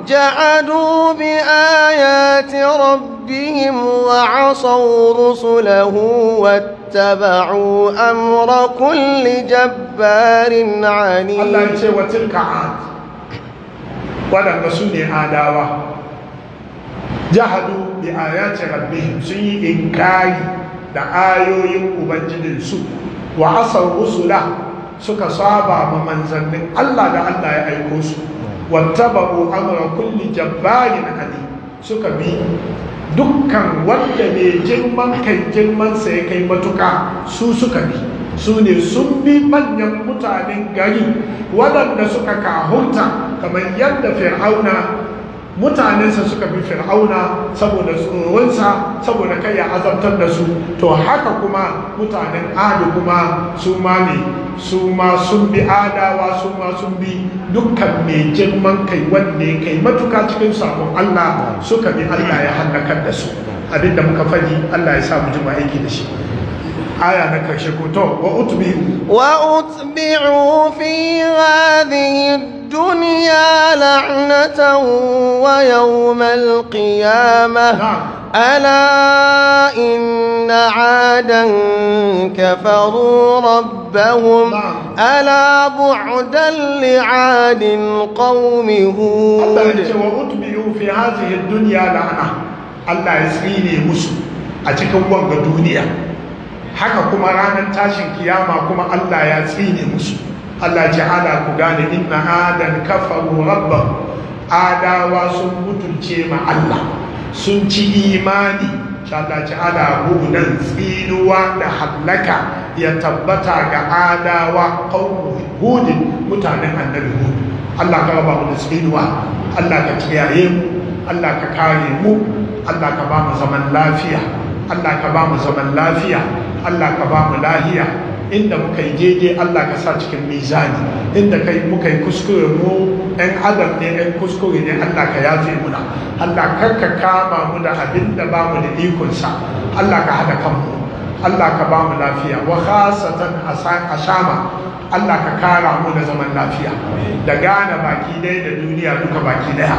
جعلوا بآيات ربهم وعصوا رسله واتبعوا أمر كل جبار عنيد الله يقول وتلك عاد ولم نسوني عداوة جحدوا بآيات ربهم سيء إنكاري دعايو وبنجد السوء وعصوا رسله suka saba ma manzannin Allah da Allah ya aiko su wattaba'u amra kulli jabbarin ali suka bi dukkan wanda mai girman kai sa ya kai matuka su suka bi su ne sun bi manyan mutanen gari waɗanda suka kahunta kamar yadda fir'auna mutanensa suka bi fir'auna saboda tsoronsa saboda kai ya azabtar da su to haka kuma mutanen adu kuma su ma ne su ma sun bi adawa su ma sun bi dukkan mai girman kai wanda kai matuka cikin sabon allah suka bi allah ya hallakar da su abinda muka faɗi allah ya sa mu jima aiki da shi aya na karshe ko to wa utbi'u wa fi hadhihi لعنة ويوم القيامة ألا إن عادا كفروا ربهم ألا بعدا لعاد قوم هود وأتبعوا في هذه الدنيا لعنة الله يسريني مسلم أتكون وانغ دنيا haka kuma ranar tashin kiyama kuma Allah ya tsine musu Allah ala ku gane inna adan kafaru rabba adawa sun mutunce ma Allah sun ci imani Allah ja'ala hudan tsinuwa da hallaka ya tabbata ga adawa qaumu hudin mutanen annabi hud Allah ka ba mu tsinuwa Allah ka kiyaye mu Allah ka kare mu Allah ka ba mu zaman lafiya Allah ka ba mu zaman lafiya Allah ka ba mu lahiya inda muka yi daidai Allah ka sa cikin mizani inda kai muka yi kuskure mu ɗan adam ne ɗan kuskure ne Allah ka yafe muna Allah kar ka kama mu da abin da ba mu da ikonsa Allah ka haɗa kanmu Allah ka ba mu lafiya wa khasatan ashama Allah ka kara mu da zaman lafiya da gane baki ɗaya da duniya duka baki ɗaya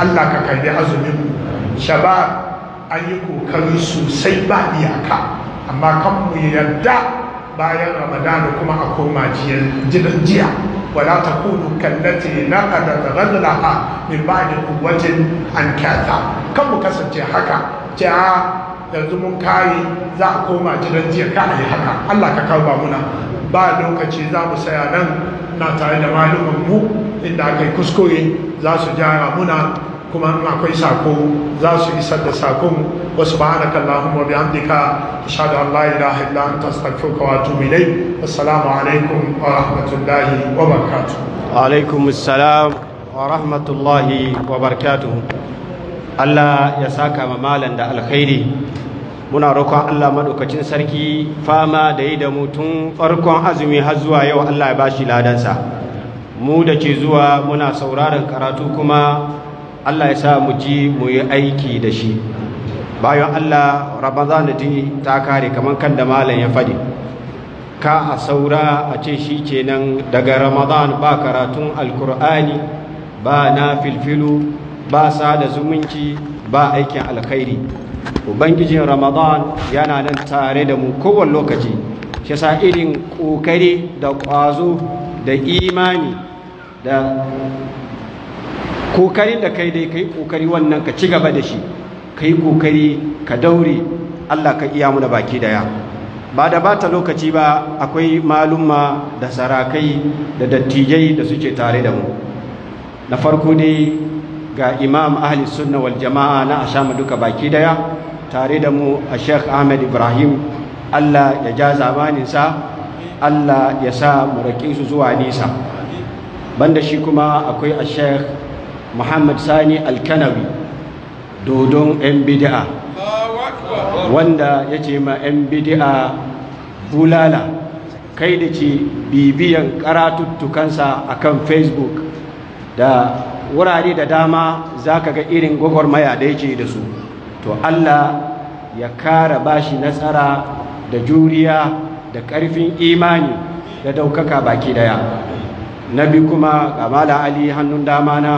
Allah ka karbi azumin mu shabab an yi kokari sosai ba iyaka amma kan mu yarda bayan ramadan kuma a koma gidan jiya wala ta kudu kallati na gazala a min ba'di kuwacin an kyata kan mu kasance haka ce yanzu mun kare za a koma gidan jiya ka a yi haka Allah ka karba muna ba lokaci za mu saya nan na tare da malumin mu inda aka yi kuskure za su jara muna kuma in akwai sako za su isar da sakon wa subhanaka allahumma bihamdika ashhadu an la ilaha illa anta astaghfiruka wa atubu ilayk assalamu alaikum wa rahmatullahi wa barakatuh alaikum assalam wa rahmatullahi wa barakatu. Allah ya saka ma malan da alkhairi muna roƙon Allah maɗaukacin sarki fama da yi da mu farkon azumi har zuwa yau Allah ya bashi ladansa mu da ke zuwa muna sauraron karatu kuma Allah ya sa mu ji mu yi aiki da shi bayan Allah Ramadan da ta kare kamar kan da malam ya fadi ka a saura a ce shi kenan daga Ramadan ba karatun alkur'ani ba na filfilu ba sa da zumunci ba aikin alkhairi ubangijin Ramadan yana nan tare da mu kowane lokaci shi sa irin kokari da ƙwazo da imani da kokarin da kai dai kai kokari wannan ka ci gaba da shi kai kokari ka daure Allah ka iya muna baki daya ba da bata lokaci ba akwai malumma da sarakai da dattijai da suke tare da mu na farko dai ga imam ahli sunna wal jama'a na mu duka baki daya tare da mu a sheikh ahmed ibrahim Allah ya ja zamaninsa Allah ya sa mu su zuwa nisa banda shi kuma akwai a sheikh muhammad sani alkanawi dodon 'yan bidi'a wanda ya ce ma 'yan bidi'a bulala kai da ce bibiyan karatuttukansa a kan facebook da wurare da dama za ka ga irin gwagwarmaya da yake da su to allah ya kara bashi nasara da juriya da ƙarfin imani da daukaka baki daya na bi kuma kamala ali hannun dama na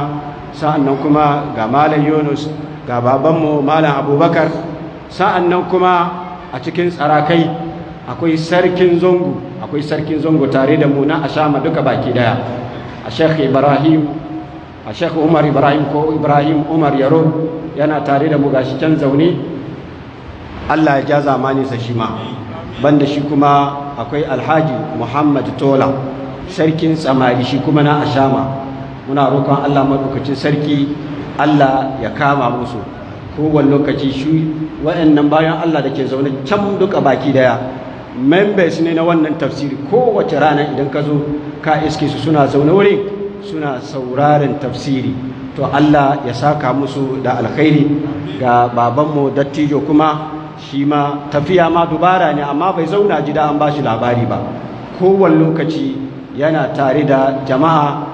sa'annan kuma ga malam Yunus ga babanmu malam Abubakar sa'annan kuma a cikin tsarakai akwai sarkin akwai sarkin zongo tare da mu na sha duka baki daya a Sheikh Ibrahim a Sheikh Umar Ibrahim ko Ibrahim Umar Yaro yana tare da mu gashi can zaune Allah ya ja zamani sa shi ma banda shi kuma akwai Alhaji Muhammad Tola sarkin tsamari shi kuma na ashama muna roƙon Allah maɗaukacin sarki Allah ya kama musu kowane lokaci shi waɗannan bayan Allah da ke zaune can duka baki daya members ne na wannan tafsiri kowace rana idan ka zo ka iske su suna zaune wuri suna sauraren tafsiri to Allah ya saka musu da alkhairi ga babanmu dattijo kuma shi ma tafiya ma dubara ne amma bai zauna ji da an ba shi labari ba kowane lokaci yana tare da jama'a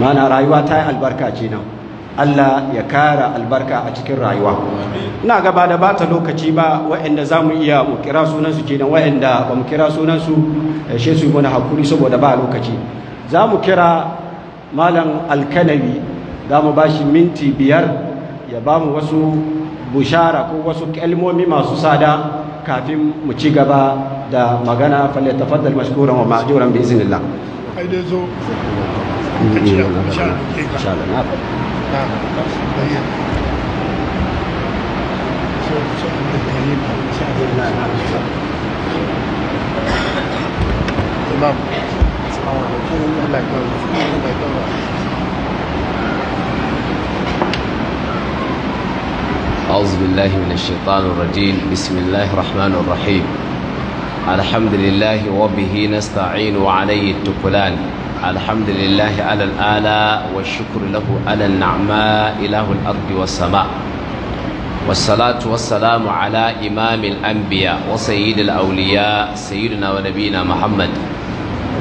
mana rayuwa ta yi albarka kenan Allah ya kara albarka a cikin rayuwa ina gaba da bata lokaci ba waɗanda za mu iya mu kira sunansu kenan waɗanda ba mu kira sunansu eh, shi su yi mana hakuri saboda ba lokaci za mu kira malam alkanawi za mu ba shi minti biyar ya ba mu wasu bushara ko wasu kalmomi masu sada kafin mu ci gaba da magana falle tafaddal mashkuran wa ma'juran bi ان شاء الله ان شاء الله ان شاء الله نعم نعم الله الله أعوذ بالله من الشيطان الرجيم بسم الله الرحمن الرحيم الحمد لله وبه نستعين وعليه التكلان الحمد لله على الآلاء والشكر له على النعماء إله الأرض والسماء والصلاة والسلام على إمام الأنبياء وسيد الأولياء سيدنا ونبينا محمد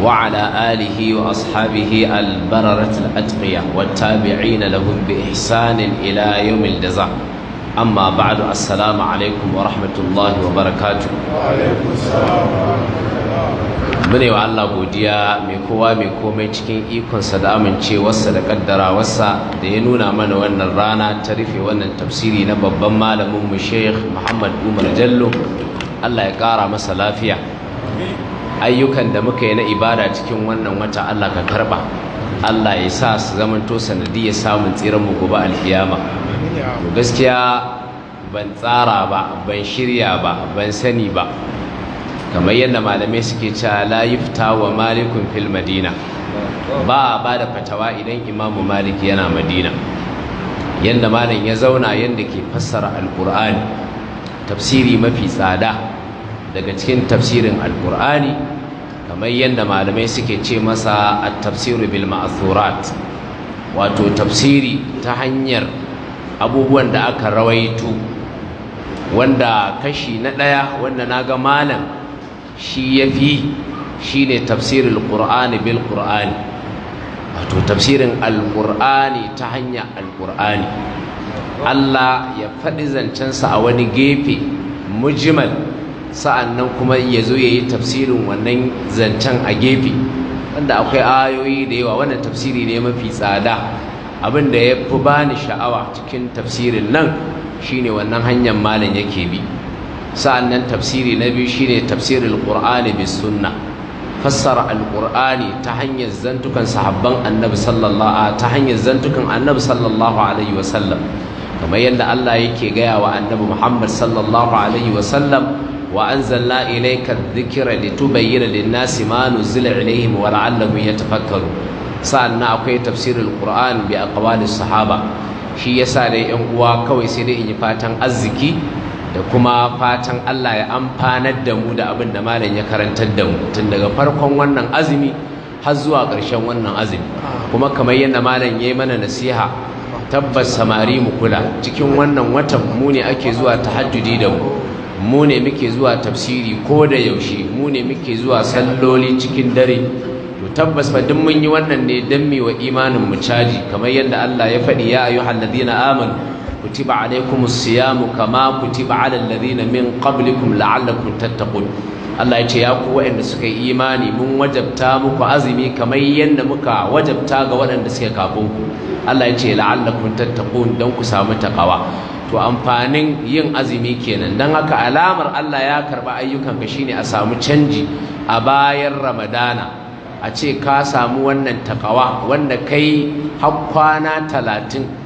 وعلى آله وأصحابه البررة الأتقية والتابعين لهم بإحسان إلى يوم الجزاء أما بعد السلام عليكم ورحمة الله وبركاته وعليكم السلام ورحمة الله mune wa Allah godiya mai kowa mai komai cikin ikonsa da amincewarsa da kaddarawarsa da ya nuna mana wannan rana ta rufe wannan tafsiri na babban malamin mu Sheikh Muhammad Umar Jallo Allah ya kara masa lafiya ayyukan da muka yi na ibada cikin wannan wata Allah ka karba Allah ya sa su zamanto sanadiyar samun tsiran mu gobe alkiyama gaskiya ban tsara ba ban shirya ba ban sani ba kamar yadda malamai suke cewa la ta wa malikun fil madina ba a ba da fatawa idan imamu malik yana madina yadda malam ya zauna yadda ke fassara alkur'ani tafsiri mafi tsada daga cikin tafsirin alkur'ani kamar yadda malamai suke ce masa a tafsiru bil ma'athurat wato tafsiri ta hanyar abubuwan da aka rawaito wanda kashi na ɗaya wanda na ga malam shi ya yafi shine tafsirin qur'ani bil ƙur'ani wato tafsirin Alƙur'ani ta hanya Alƙur'ani. Allah ya faɗi zancensa a wani gefe sa'an sa'annan kuma ya zo ya yi tafsirin wannan zancen a gefe wanda akwai ayoyi da yawa wannan tafsiri ne mafi tsada abin da ya fi bani sha'awa cikin tafsirin nan shine wannan hanyar malam yake bi sa'annan tafsiri na biyu shine tafsirul qur'ani bis sunna fassara alqur'ani ta hanyar zantukan sahabban annabi sallallahu ta hanyar zantukan annabi sallallahu alaihi wasallam kamar yadda Allah yake gaya wa annabi Muhammad sallallahu alaihi wasallam wa anzalna ilayka adh-dhikra litubayyana lin-nasi ma nuzila ilayhim wa la'allahum yatafakkaru sa'annan akwai tafsirul qur'an bi aqwalis sahaba shi yasa dai yan uwa kawai sai dai in yi fatan arziki da kuma fatan Allah ya amfanar da mu da abin da malam ya karantar da mu tun daga farkon wannan azumi har zuwa ƙarshen wannan azumi kuma kamar yadda malam ya yi mana nasiha tabbas samari mu kula cikin wannan watan mu ne ake zuwa tahajjudi da mu mu ne muke zuwa tafsiri ko da yaushe mu ne muke zuwa salloli cikin dare to tabbas fa duk mun yi wannan ne dan mi wa imanin mu caji kamar yadda Allah ya faɗi ya ayyuhal ladina amanu kutiba siya siyamu kama kutiba ala ladina min qablikum la'allakum tattaqun Allah ya ce ya ku waɗanda suka yi imani mun wajabta muku azumi kamar yadda muka wajabta ga waɗanda suka kafin ku Allah ya ce la'allakum tattaqun dan ku samu takawa to amfanin yin azumi kenan dan haka alamar Allah ya karba ayyukan ka shine a samu canji a bayan Ramadana a ce ka samu wannan takawa wanda kai har kwana talatin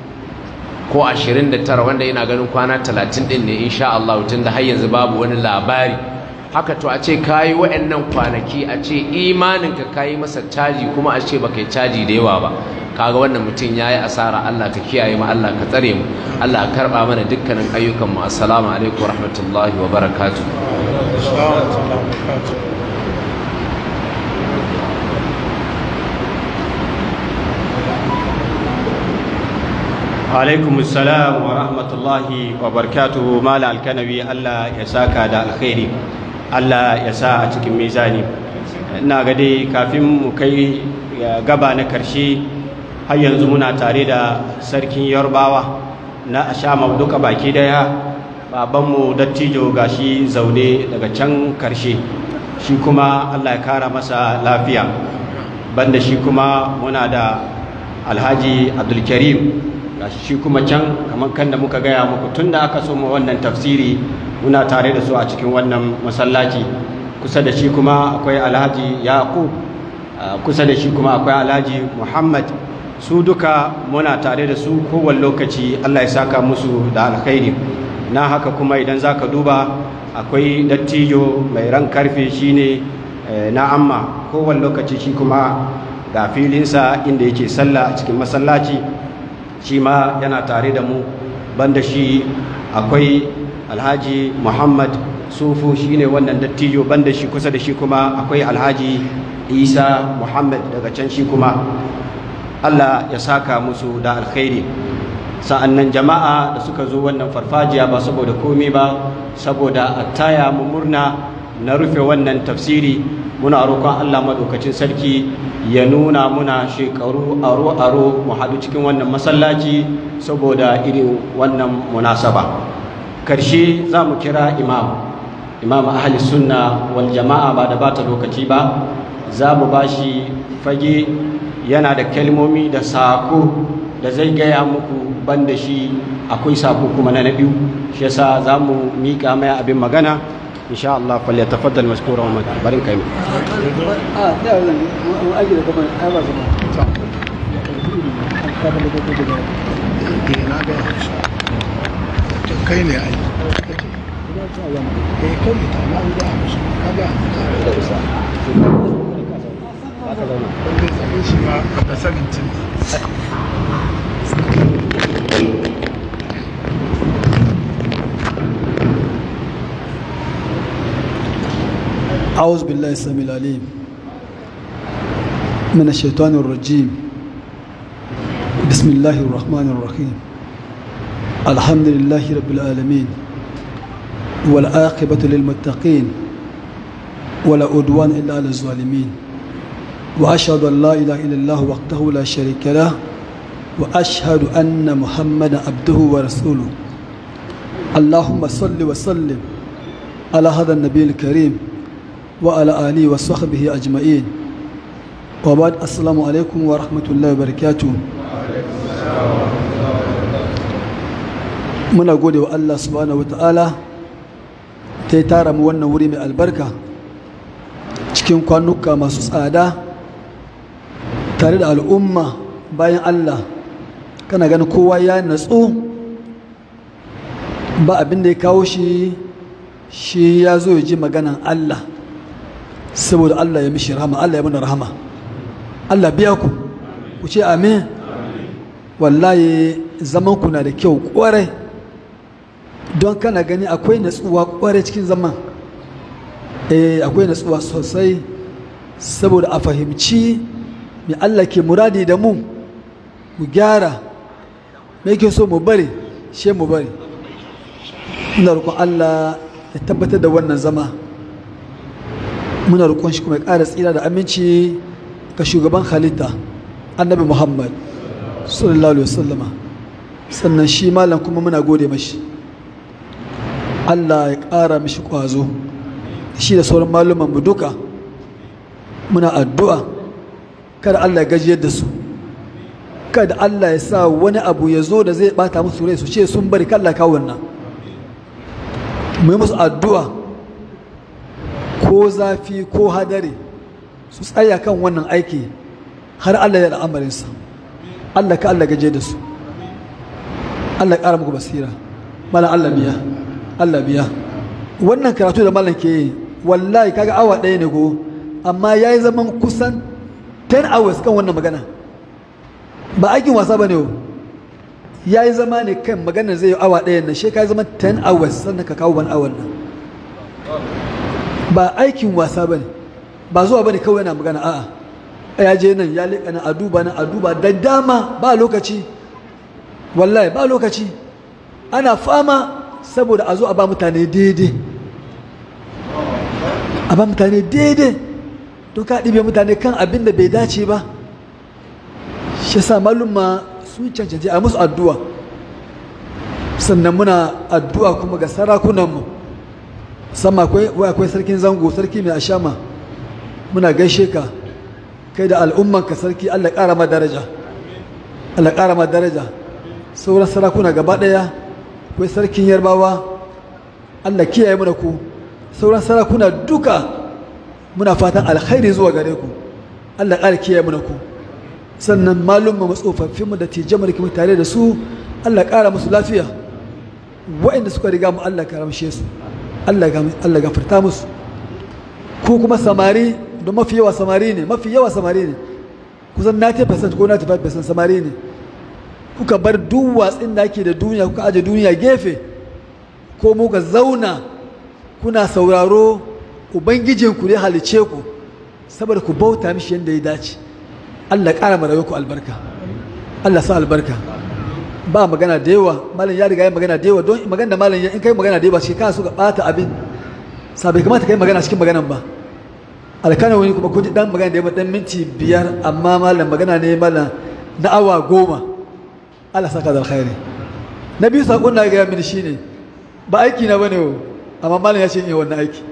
ko 29 wanda yana ganin kwana 30 din ne insha Allah da har yanzu babu wani labari haka to a ce kayi waɗannan kwanaki a ce imaninka kayi masa caji kuma a ce baka yi caji da yawa ba kaga wannan mutum yayi asara Allah ka kiyaye mu Allah ka tsare mu Allah ka karba mana dukkanin ayyukan mu assalamu alaikum warahmatullahi wabarakatuh alaikum salam wa rahmatullahi wa barkatu mala alkanawi Allah ya saka da alkhairi Allah ya sa a cikin mizani ina ga dai kafin mu kai gaba na karshe har yanzu muna tare da sarkin yarbawa na ashama duka baki daya babanmu dattijo gashi zaune daga can karshe shi kuma Allah ya kara masa lafiya banda shi kuma muna da alhaji abdulkarim gashi shi kuma can kamar kan da muka gaya muku tun da aka soma wannan tafsiri muna tare da su a cikin wannan masallaci kusa da shi kuma akwai alhaji yaqub kusa da shi kuma akwai alhaji muhammad su duka muna tare da su kowane lokaci allah ya saka musu da alkhairi na haka kuma idan za ka duba akwai dattijo mai ran karfe shine eh, na amma kowane lokaci shi kuma ga filinsa inda yake sallah a cikin masallaci shi ma yana tare da mu banda shi akwai alhaji muhammad sufu shi ne wannan dattijo banda shi kusa da shi kuma akwai alhaji isa muhammad daga can shi kuma allah ya saka musu da alkhairi sa'annan jama'a da suka zo wannan farfajiya ba saboda komi ba saboda a taya mu murna na rufe wannan tafsiri muna roƙon allah maɗaukacin sarki ya nuna muna shekaru aro-aro mu haɗu cikin wannan masallaci saboda irin wannan munasaba karshe za mu kira imam imam ahli sunna wal jama'a ba da bata lokaci ba za mu bashi fage yana da kalmomi da sako da zai gaya muku ban da shi akwai sako kuma na na biyu shi yasa za mu miƙa mai abin magana ان شاء الله فليتفضل مشكورا ومتعبا كيما. اه أعوذ بالله السميع العليم من الشيطان الرجيم بسم الله الرحمن الرحيم الحمد لله رب العالمين والعاقبة للمتقين ولا عدوان إلا على الظالمين وأشهد أن لا إله إلا الله وحده لا شريك له وأشهد أن محمدا عبده ورسوله اللهم صل وسلم على هذا النبي الكريم وعلى آله وصحبه أجمعين وبعد السلام عليكم ورحمة الله وبركاته muna gode wa Allah subhanahu wata'ala ta yi tara mu wannan wuri mai albarka cikin kwanuka masu tsada tare da al'umma bayan Allah kana gani kowa ya natsu ba abin da ya kawo shi shi ya zo ya ji maganan Allah saboda Allah ya mishi rahama Allah ya mana rahama Allah biya ku ku ce amin wallahi zaman ku na da kyau kwarai don kana gani akwai natsuwa kwarai cikin zaman eh akwai natsuwa sosai saboda a fahimci me Allah ke muradi da mu mu gyara me yake so mu bari she mu bari ina roƙon Allah ya tabbatar da wannan zama muna roƙon shi kuma ya ƙara tsira da aminci ga shugaban halitta annabi muhammad sallallahu alaihi wasallama sannan shi malam kuma muna gode mashi allah ya ƙara mashi ƙwazo shi da sauran maluman mu duka muna addu'a kada allah ya gajiyar da su kada allah ya sa wani abu ya zo da zai bata musu rai su ce sun bari kallaka wannan mu yi musu addu'a ko zafi ko hadari su tsaya kan wannan aiki har Allah ya al'amarinsa Allah ka Allah gaje da su Allah ƙara muku basira malam Allah biya Allah biya wannan karatu da malam ke yi wallahi kaga awa ɗaya ne go amma ya yi zaman kusan 10 hours kan wannan magana ba aikin wasa ba ne ya yi zama ne kan magana zai yi awa ɗaya na shi ka yi zama 10 hours sannan ka kawo ban awan nan ba aikin wasa ba ne ba zuwa ba ne kawai yana magana a'a ya je nan ya leƙa nan a duba nan a duba da dama ba lokaci wallahi ba lokaci ana fama saboda a zo a ba mutane daidai a ba mutane daidai to ka ɗibe mutane kan abin da bai dace ba shi sa malumma sun cancanci a musu addu'a sannan muna addu'a kuma ga sarakunanmu sama akwai akwai sarkin zango sarki mai ashama muna gaishe ka kai da al'ummanka sarki Allah ƙara ma daraja Allah ƙara ma daraja sauran sarakuna gaba ɗaya akwai sarkin yarbawa Allah kiyaye mana ku sauran sarakuna duka muna fatan alkhairi zuwa gare ku Allah ƙara kiyaye mana ku sannan malum mu tsofaffin mu da tijamar mu tare da su Allah ƙara musu lafiya wa'inda suka riga mu Allah karamshe su Allah gafarta musu ko kuma samari da mafi yawa samari ne mafi yawa samari ne kusan 90% ko 95% samari ne kuka bar duk watsin da ake da duniya kuka aje duniya gefe ko muka zauna kuna sauraro ubangijinku ne halice ku saboda ku bauta mishi yadda ya dace Allah ƙara mara ku albarka Allah sa albarka ba magana da yawa malam ya riga ya magana da yawa don magana da malam ya in kai magana da yawa shi ka so ka bata abin sa bai kamata kai magana cikin maganan ba alkana wani kuma kuji dan magana da yawa dan minti biyar amma malam magana ne malam na awa goma Allah saka da alkhairi na biyu sakon na ga mini shine ba aiki na bane amma malam ya ce in wannan aiki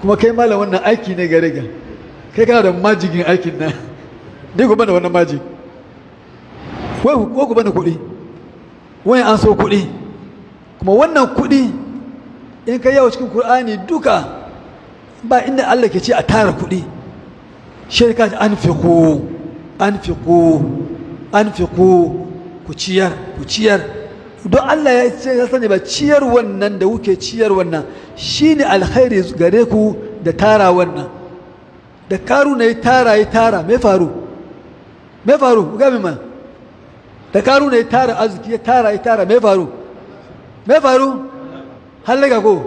kuma kai malam wannan aiki ne gare ga kai kana da majigin aikin na dai ku bane wannan majigin ko ku bane kuɗi wani an so kuɗi kuma wannan kuɗi in ka yawo cikin kur'ani duka ba inda Allah ke ce a tara kuɗi shirka ta anfiqu an anfiqu ku ciyar ku ciyar don Allah ya ce ya sani ba ciyar wannan da kuke ciyar wannan shine alkhairi gare ku da tara wannan da karu na yi tara yi tara me faru me faru gami mana da karuna ya tara arziki ya tara ya tara mai faru mai faru halaga ko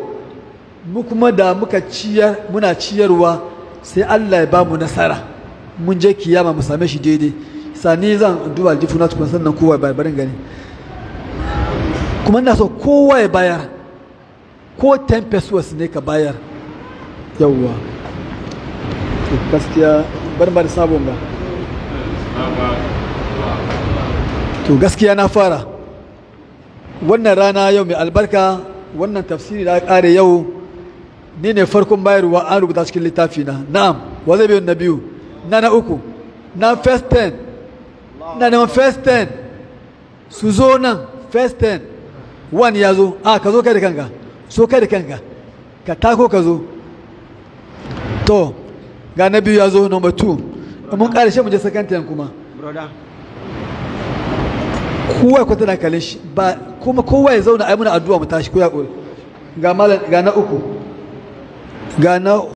mu kuma da muka ciyar muna ciyarwa sai Allah ya ba mu nasara mun je kiyama mu same shi daidai sani zan duba na tukun sannan kowa ya barin gani kuma n'a so kowa ya bayar ko 10 pesos ne ka bayar yawwa gaskiya bar bar sabon ba to gaskiya na fara wannan rana yau mai albarka wannan tafsiri da ƙare yau ni ne farkon bayarwa an rubuta cikin littafi na na'am wa zai biyu na biyu na na uku na first ten na na first ten su zo nan first ten one ya zo a ka zo kai da kanka so kai da kanka ka tako ka zo to ga na biyu ya zo number two mun ƙarshe mu je second ten kuma kowa kwata na kalin shi ba kuma kowa ya zauna ai muna addu'a mu tashi ko ya ga malam ga na uku ga na